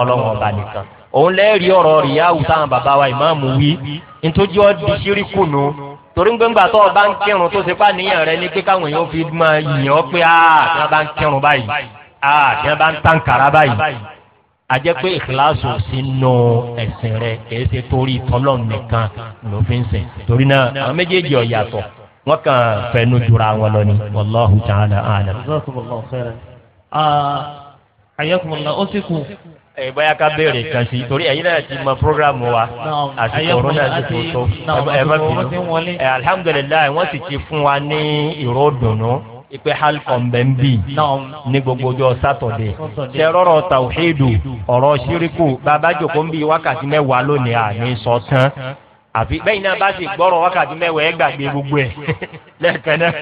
ọba nìkan òun lẹ́ẹ̀rí ọ̀rọ̀ rìyáwù táwọn bàbá wa ìmáàmù wí torí gbẹ́ngbà tó o bá ń kírun tó ṣe pa níyàn rẹ ní pé káwọn èèyàn fi máa yìn ọ́ pé áà ah, tí wọ́n bá ń kírun báyìí áà ah, tí wọ́n bá ń tàǹkàrà báyìí àjẹ́ pé ìkìláàsù sínú ẹ̀sìn rẹ kìí ṣe torí tọ́lọ́n nìkan ló fi ń sìn torí náà àwọn méjèèjì ọ̀yàtọ̀ wọ́n kàn fẹnu jura wọn lọ ni wàláhù jàǹdà àná. àyẹ̀kùnmọ̀lá ó sì kù ẹ bóyá ká béèrè kan sí torí ẹ̀yin náà ti mọ programu wa àsìkò ọ̀run náà ti tó tó ẹ má bínú ẹ alihamudulilayi wọ́n sì ti fún wa ní ìró dùnú ipe halkọ̀mbẹ́ńbì ní gbogbo ọjọ́ sátọ̀dẹ̀ ṣe rọrọ̀ tàwíìdù ọ̀rọ̀ ṣíríkù bàbá jòkó ń bí wákàtí mẹ́wàá lónìí àní sọ tán àfi bẹ́ẹ̀ náà bá sì gbọ́rọ̀ wákàtí mẹ́wàá ẹ gbàgbé gbogbo ẹ̀ lẹ́ẹ̀kan náà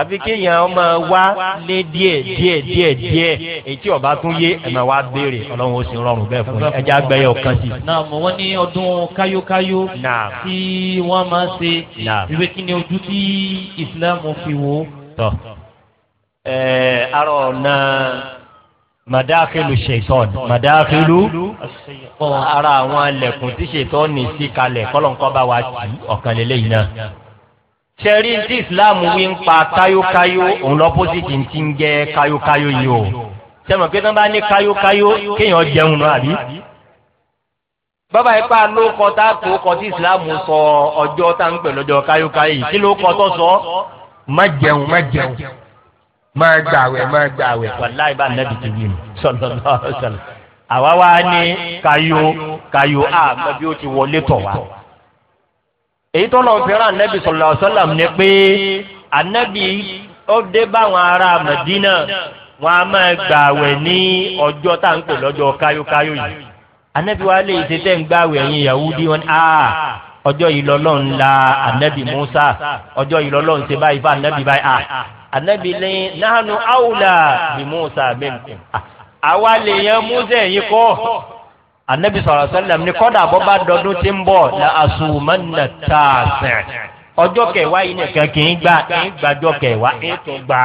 àfi kéèyàn máa wá lé díẹ̀ díẹ̀ díẹ̀ díẹ̀ ètí ọba tún yé ẹ máa wá béèrè ọlọ́run ó sì rọrùn bẹ́ẹ̀ fún yín ẹja gbẹ́yẹ ọ̀kan sí. náà mọ̀ wọ́n ní ọdún káyókáyó tí wọ́n máa ṣe ìwé kí ni ojú tí ìsìlámù fi wò. tọ́ ẹ arọ ọ̀nà madakilu ṣetán madakilu ara àwọn alẹ̀kùn tí ṣetán ní sí kalẹ̀ kọ́lọ́nkọ́ bá wa tì ọ̀kan lélẹ́yìn náà sẹ́rí tí islam wí ń pa káyókáyó òun lọ́pọ́sìtì ti ń jẹ́ káyókáyó yìí o sẹ́mi pé tán bá ní káyókáyó kéèyàn jẹun náà àbí. bàbá yìí pa ló kọ tá a tó kọ tí islam sọ ọjọ́ tá ń pè lọ́jọ́ káyókáyó yìí kí ló kọ tó sọ má jẹun má jẹun má gbàwẹ̀ má gbàwẹ̀ wàláì bá nàbì ti wí mi sọlọ́ọ̀sọlọ́ àwa wá ní káyó káyó àmọ́ èyí tó lọ fẹ́ràn anabi sọlọ sọlọ ní pé anabi ó dé báwọn ará madina wọn a máa gbààwẹ̀ ní ọjọ́ tá à ń pè lọ́jọ́ káyókáyó yìí anabi wa lè ṣe tẹ́ ń gbààwẹ̀ yín yahudi wọn a ọjọ́ yìí lọ́lọ́run la anabi musa ọjọ́ yìí lọ́lọ́run ṣe báyìí fún anabi báyìí a anabi ní nahanu awla bi musa minkum àwa lè yan musa yìí kọ́ anabi sọ̀rọ̀ sẹ́lẹ̀m ní kọ́dà bọ́ bá dọdún tí ń bọ̀ la àsùnmọ́nà tààsẹ̀ ọjọ́ kẹwàá yìí nìkan kì í gba kì í gbàjọ́ kẹwàá kì í tún gba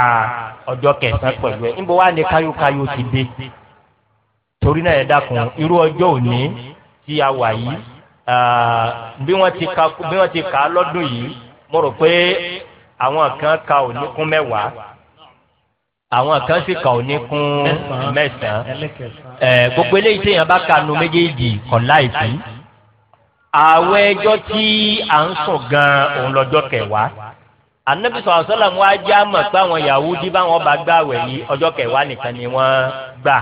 ọjọ́ kẹsàn-án pẹ̀lú ẹ̀ níbo wá ní káyókáyó ti dé torí náà ẹ dákun irú ọjọ́ òní tí a wà yìí bí wọ́n ti kà á lọ́dún yìí mo rò pé àwọn kan ka òní kún mẹ́wàá àwọn kan sì ka òní kún mẹ́sàn-án ẹ gbogbo eléyìí téèyàn bá kanu méjèèjì kọ láìsí àwọn ẹjọ́ tí à ń sùn gan òun lọ́jọ́ kẹwàá anabi sọ̀rọ̀ sọ́lá mu ajé àmọ̀ pé àwọn yahudi báwọn bá gbà wẹ̀ yìí ọjọ́ kẹwàá nìkan ni wọ́n gbà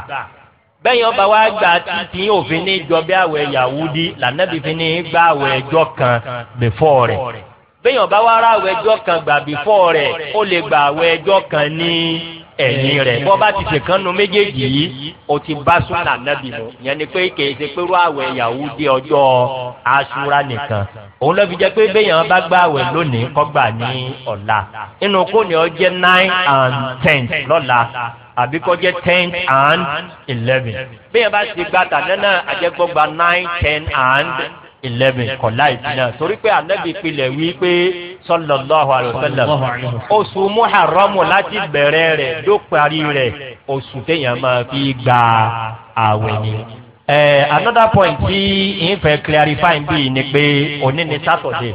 bẹ́yìn ọba wa gbà títí òfin ní jọ bí àwẹ̀ yahudi lànàbí fi ní gbà àwẹ̀ ẹjọ́ kan bẹ̀fọ́ rẹ̀ bẹ́yìn ọba wa ra àwẹ̀ ẹjọ́ kan gbà bẹ̀fọ́ rẹ̀ ó lè gbà àwẹ̀ ẹjọ́ kan ní. Ni ẹ̀yìn rẹ̀ bọ́ bá ti ṣèkan nu méjèèjì yìí o ti bá súnà nábì lọ yẹn ni pé kèé ṣe pé wọ́n àwẹ̀ Yahudi ọjọ́ aṣúra nìkan òun ló fi jẹ́ pé béèyàn bá gbà àwẹ̀ lónìí kó ní ọ̀la inú kó ní nine and ten lọ́la àbí kó ten and eleven béèyàn bá ti gbà tànánà àjẹgbọ́gba nine ten and eleven kọ̀láì sí náà torí pé anabi pilẹ̀ wí pé sọlọ́láhu alùsọ́lá oṣù muharramu láti bẹ̀rẹ̀ rẹ̀ dóparí rẹ̀ oṣù téèyàn máa fi gba àwẹ̀ ni. another point tí n fẹ́ clarify bí ni pé òní ni saturday.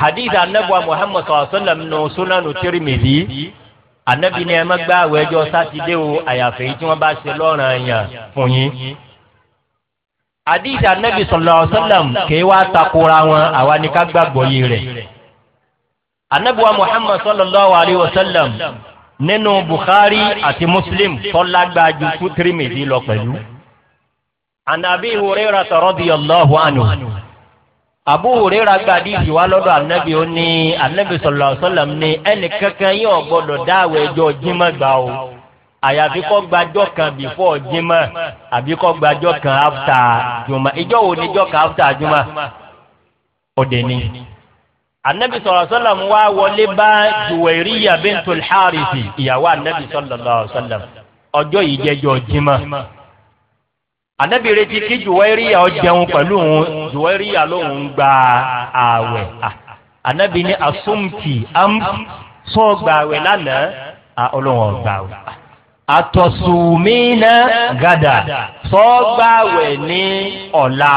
hadith anabuwa muhammad sallallahu alaihi wa sallam nù sunanu tirimidi anabi ni ẹ má gbá àwẹ̀ ẹjọ́ sátidé o àyàfẹ́ tí wọ́n bá ṣe lọ́ràn yàn fún yín àdìsí anabi sọlọ sọlọm kìí wá takora wọn àwa ni ká gbàgbọ́ yìí rẹ̀ anabi wa muhammad sọlọlọ alayhi wa sọlọm nínú bukhari àti muslim tọ́lágbájú kútìrìmìdì lọ pẹ̀lú anabi hurera sọrọbi allahu anu abu hurera gbàdìsí wa lọ́dọ̀ anabi ó ní anabi sọlọ sọlọm ní ẹnì kankan yóò gbọdọ̀ dáwọ́ ẹjọ́ jimá àyàfi kọ́ gbàjọ́ kan before jimá àbí kọ́ gbàjọ́ kan after juma ìjọ wo ni jọ́ kan after juma òde ni. anabi sọ̀rọ̀ sọ́lá mu wá wọlé bá juwèríyà bíntu alḥàrìsì ìyàwó anabi sọ̀lá sọ́lá ọjọ́ yìí jẹ́jọ́ jimá. anabi retí kí juwèríyà ọ jẹun pẹ̀lú òun juwèríyà lòun gba ààwẹ̀ anabi ní asumti am sọ̀gbàwẹ̀ lánàá ọlọ́wọ̀n gbàwẹ̀ àtọ̀sùnmínà gàdà sọ́gbàwẹ̀ ní ọ̀la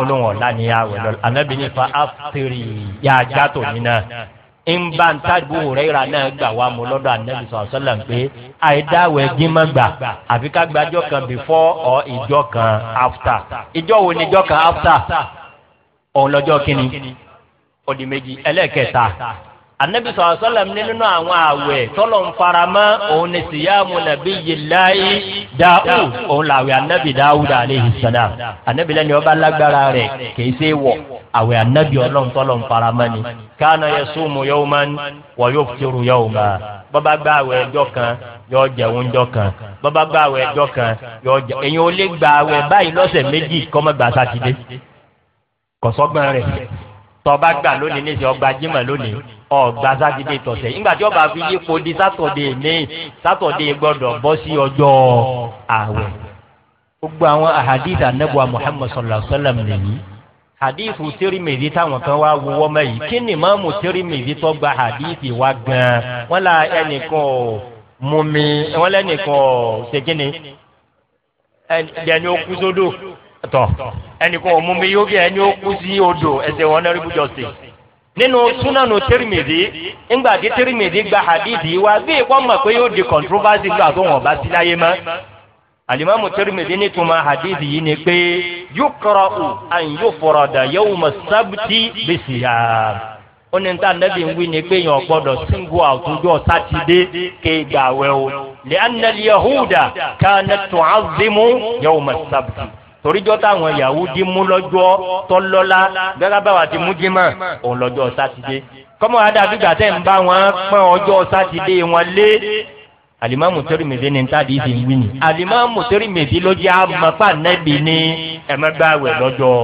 ọlọ́run ọ̀la ni àwẹ̀ lọ́la anábìíní fa áfírì yá gàtò nínà nba ntagbo rẹ́ra náà gbà wá mu lọ́dọ̀ anabi sọ̀rọ̀ sọ́lá pé àìdáwẹ̀ gímà gbà àfi ká gbàjọ́ kan before or ìjọ kan after ìjọ wo ni ìjọ kan after òun lọ́jọ́ kínní ó di méjì anabi sọ̀rọ̀ sọ́lẹ̀m nínú àwọn àwẹ̀ tọ́lọ̀ ń faramọ́ òun ni siyamu nabi yilayi da'u òun làwẹ̀ anabi da'ud aleyhi salam anabi lẹ́ni ọba lágbára rẹ̀ kìí ṣe wọ̀ àwẹ̀ anabi ọlọ́run tọ́lọ̀ ń faramọ́ ni kánà yẹ súnmù yawman wọ yóò fìrù yawma bọ́bá gba àwẹ̀ ẹjọ́ kan yóò jẹ oúnjọ́ kan bọ́bá gba àwẹ̀ ẹjọ́ kan yóò jẹ èyàn ò lè gba àwẹ̀ báyìí lọ́sẹ̀ méjì kọ́mọ́gbà sátidé kọ̀sọ́gbọ́n rẹ̀ tọ́ba gbà lónìí níṣẹ́ ọgbà jimá lónìí ọgbà sátidé tọ̀sẹ̀ nígbà tí ọba fi yípo di sátọ̀dé ní sátọ̀dé gbọ́dọ̀ bọ́ sí ọjọ́ ààwẹ̀ gbogbo àwọn ahadith anabuwa muhammad sallallahu alaihi wa sallam nìyí hadithu tirimidi táwọn kan wá wúwọ́ mẹ́yìí kí ni mọ́mù tirimidi tó gba hadithi wá gan wọ́n la ẹnìkan ò mú mi wọ́n lẹ́nìkan ò ṣe ni ẹni ó kú sódò tọ̀ ẹnìkan ò mú mi yóò bí ẹni ó kú sí odò ẹsẹ̀ wọn náà rí bùjọ́ sí i nínú sunanu tirimidi ńgbà tí tirimidi gba hadidi wa bí ikọ́ mọ̀ pé yóò di controversy gba tó wọ́n bá sí láyé mọ́ alimami tirimidi ní tuma hadidi yìí ni pé yukra'u an yufrada yawma sabti bisiyam ó ní ta nabi ń wí ni pé yàn gbọdọ̀ single out ọjọ́ sátidé kéègbà wẹ̀ o lẹ́yìn yahuda kanat tu'azzimu yawma sabti toríjọ́ táwọn Yahudi mú lọ́jọ́ tọ́lọ́lá gẹ́gẹ́ báwa ti mú jímọ̀ òun lọ́jọ́ sátidé kọ́mọ adájú gàtẹ́ ń bá wọn pọ́n ọjọ́ sátidé wọn lé alimami mezi ni nta di ìdí wí ni alimami Tirmidhi ló jẹ́ amafa nẹ́bi ní ẹ̀mẹ́gbàwẹ̀ lọ́jọ́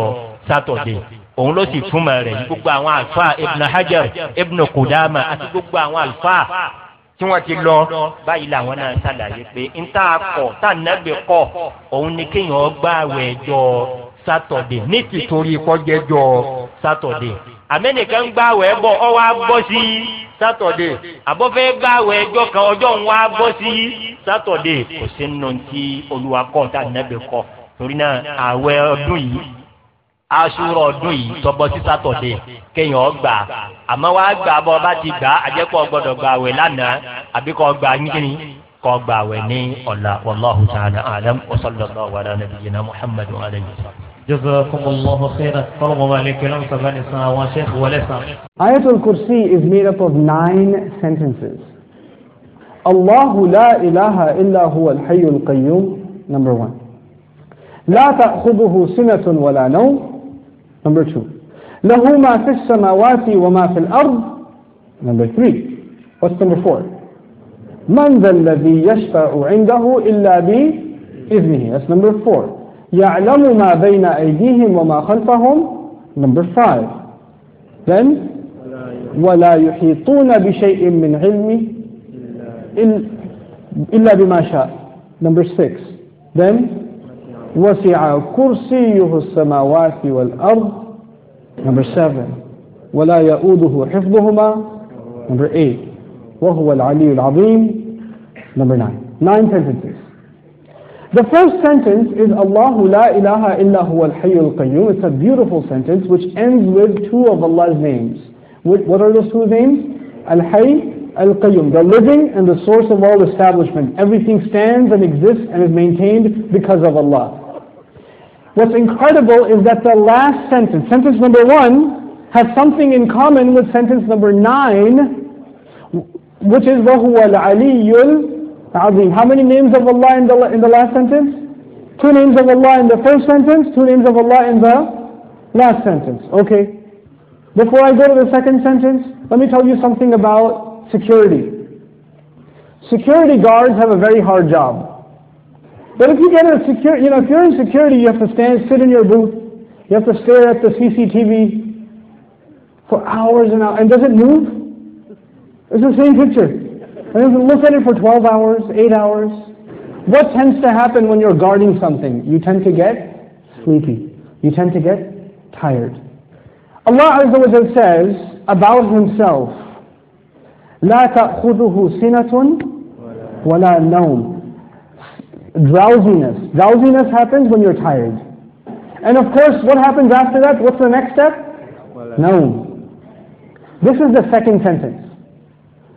sátọ̀dé òun ló sì túmọ̀ rẹ̀ gbogbo àwọn alfa ibn Hajar ibn Kudama àti gbogbo àwọn alfa tí wọ́n ti lọ báyìí làwọn náà ṣàlàyé pé n tá a kọ̀ tá a nàgbé kọ̀ òun ni kéèyàn gbá àwẹ̀ jọ sátọ̀dé ní tìtorí kọ́jẹ́ jọ sátọ̀dé àmẹ́nìkan gbá àwẹ̀ bọ̀ ọ wá bọ́ sí sátọ̀dé àbọ̀fẹ́ gbá àwẹ̀ ẹjọ́ kan ọjọ́ ń wá bọ́ sí sátọ̀dé kò sí nù ti olùwàkọ̀ tá a nàgbé torí náà àwẹ̀ ọdún yìí. aṣúrọ̀ ọdún yìí tọ́bọ̀ sí sátọ̀dé kéèyàn gbà àmọ́ wá gbà bọ́ bá ti gbà àjẹpọ̀ gbọ́dọ̀ gbà wẹ̀ lánàá àbí kọ́ gbà yínkìní kọ́ gbà wẹ̀ ní ọ̀la wàláhù tààlà àlám ọ̀sọ́lọ́lọ́ wàlá nàbí yìí ná muhammadu alayhi sallam. jazakumullahu khairan salamu alaykum wa rahmatulahi wa salaam wa sheikh walesa. ayatul kursi is made up of nine sentences. allahu la ilaha illa huwa alhayyul qayyum number one. لا تأخذه سنة ولا نوم Number two. له ما في السماوات وما في الأرض. Number three. What's number four? من ذا الذي يشفع عنده إلا بإذنه. That's number four. يعلم ما بين أيديهم وما خلفهم. Number five. Then ولا يحيطون بشيء من علمه إلا بما شاء. Number six. Then وسع كرسيه السماوات والأرض Number seven ولا يؤوده حفظهما Number eight وهو العلي العظيم Number nine Nine sentences The first sentence is Allahu la ilaha illa huwa al-hayyul qayyum. It's a beautiful sentence which ends with two of Allah's names. What are those two names? Al-hayy, al-qayyum. The living and the source of all establishment. Everything stands and exists and is maintained because of Allah. What's incredible is that the last sentence, sentence number one, has something in common with sentence number nine, which is وَهُوَ الْعَلِيُّ الْعَظِيمُ How many names of Allah in the, in the last sentence? Two names of Allah in the first sentence, two names of Allah in the last sentence. Okay. Before I go to the second sentence, let me tell you something about security. Security guards have a very hard job. But if you get a security, you know, if you're in security, you have to stand, sit in your booth. You have to stare at the CCTV for hours and hours. And does it move? It's the same picture. And you look at it for 12 hours, 8 hours. What tends to happen when you're guarding something? You tend to get sleepy. You tend to get tired. Allah Azza wa Jalla says about Himself, لا تأخذه سنة ولا نوم drowsiness. Drowsiness happens when you're tired. And of course, what happens after that? What's the next step? No. This is the second sentence.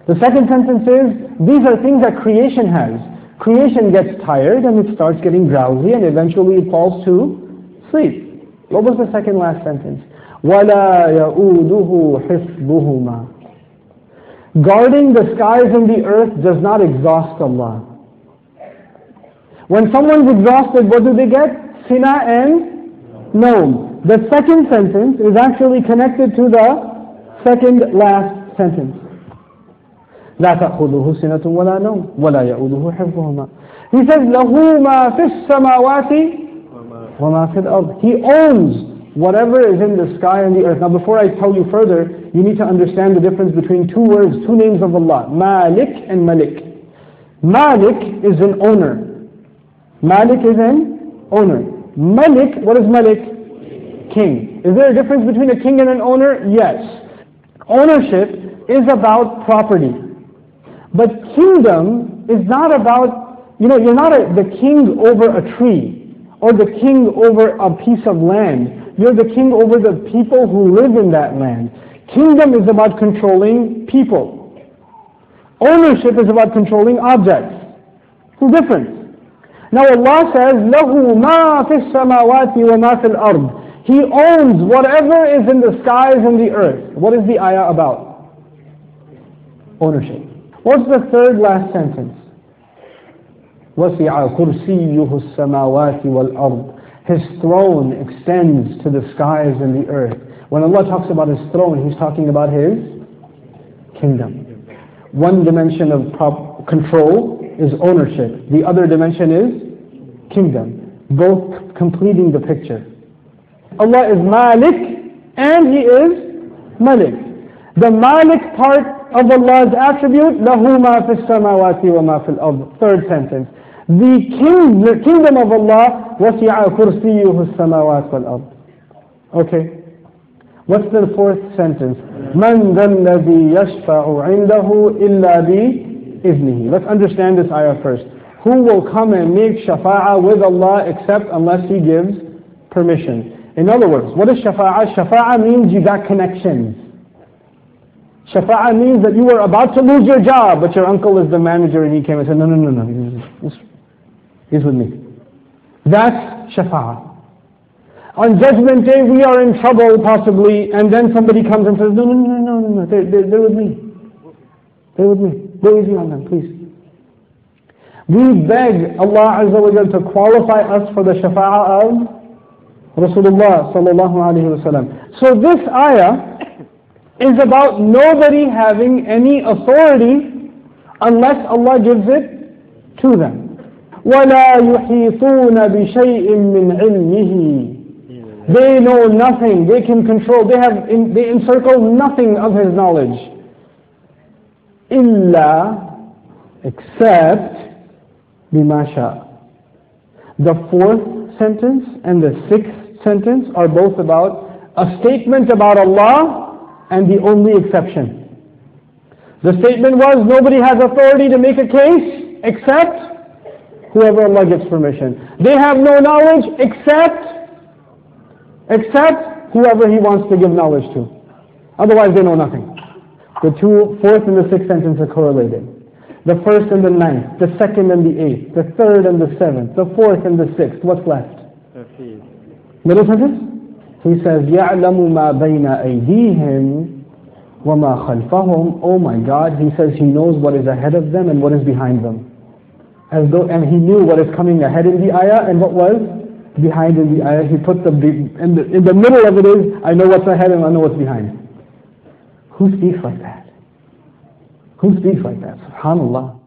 The second sentence is, these are things that creation has. Creation gets tired and it starts getting drowsy and eventually it falls to sleep. What was the second last sentence? وَلَا يَؤُودُهُ حِفْظُهُمَا Guarding the skies and the earth does not exhaust Allah. When someone's exhausted, what do they get? Sina and Noam. The second sentence is actually connected to the second last sentence. لا تأخذه سنة ولا نوم ولا يؤوده حفظهما He says له ما في السماوات وما في الأرض He owns whatever is in the sky and the earth. Now before I tell you further, you need to understand the difference between two words, two names of Allah, Malik and Malik. Malik is an owner. Malik is an owner. Malik, what is Malik? King. Is there a difference between a king and an owner? Yes. Ownership is about property. But kingdom is not about, you know, you're not a, the king over a tree or the king over a piece of land. You're the king over the people who live in that land. Kingdom is about controlling people. Ownership is about controlling objects. It's different. Now Allah says, لَهُ مَا فِي السَّمَاوَاتِ وَمَا فِي الْأَرْضِ He owns whatever is in the skies and the earth. What is the ayah about? Ownership. What's the third last sentence? وَسِعَ كُرْسِيُّهُ السَّمَاوَاتِ وَالْأَرْضِ His throne extends to the skies and the earth. When Allah talks about His throne, He's talking about His kingdom. One dimension of control is ownership. The other dimension is kingdom, both completing the picture. Allah is Malik and He is Malik. The Malik part of Allah's attribute, لَهُ مَا فِي السَّمَاوَاتِ وَمَا فِي الْأَرْضِ Third sentence. The, king, the kingdom of Allah, وَسِعَ كُرْسِيُّهُ السَّمَاوَاتِ وَالْأَرْضِ Okay. What's the fourth sentence? من ذَا الَّذِي يَشْفَعُ عِنْدَهُ إِلَّا بِإِذْنِهِ Let's understand this ayah first. Who will come and make shafa'a with Allah except unless He gives permission? In other words, what is shafa'a? Shafa'a means you got connections. Shafa'a means that you were about to lose your job, but your uncle is the manager and he came and said, no, no, no, no, he's with me. That's shafa'a. On judgment day, we are in trouble possibly, and then somebody comes and says, no, no, no, no, no, no, they're, they're, they're with me. They're with me. Go easy on them, please. We beg Allah Azza wa Jal to qualify us for the shafa'a of Rasulullah sallallahu alayhi wasallam. So this ayah is about nobody having any authority unless Allah gives it to them. وَلَا يُحِيطُونَ بِشَيْءٍ مِّنْ عِلْمِهِ They know nothing. They can control. They have. In, they encircle nothing of His knowledge. إِلَّا Except bimasha. The fourth sentence and the sixth sentence are both about a statement about Allah and the only exception. The statement was nobody has authority to make a case except whoever Allah gives permission. They have no knowledge except except whoever He wants to give knowledge to. Otherwise they know nothing. The two fourth and the sixth sentence are correlated. The first and the ninth, the second and the eighth, the third and the seventh, the fourth and the sixth. What's left? Middle sentence? He says, يَعْلَمُ مَا بَيْنَ أَيْدِيهِمْ وَمَا خَلْفَهُمْ Oh my God, he says he knows what is ahead of them and what is behind them. As though, and he knew what is coming ahead in the ayah and what was behind in the ayah. He put the, in the, in the middle of it is, I know what's ahead and I know what's behind. Who speaks like that? Who speaks like that? SubhanAllah.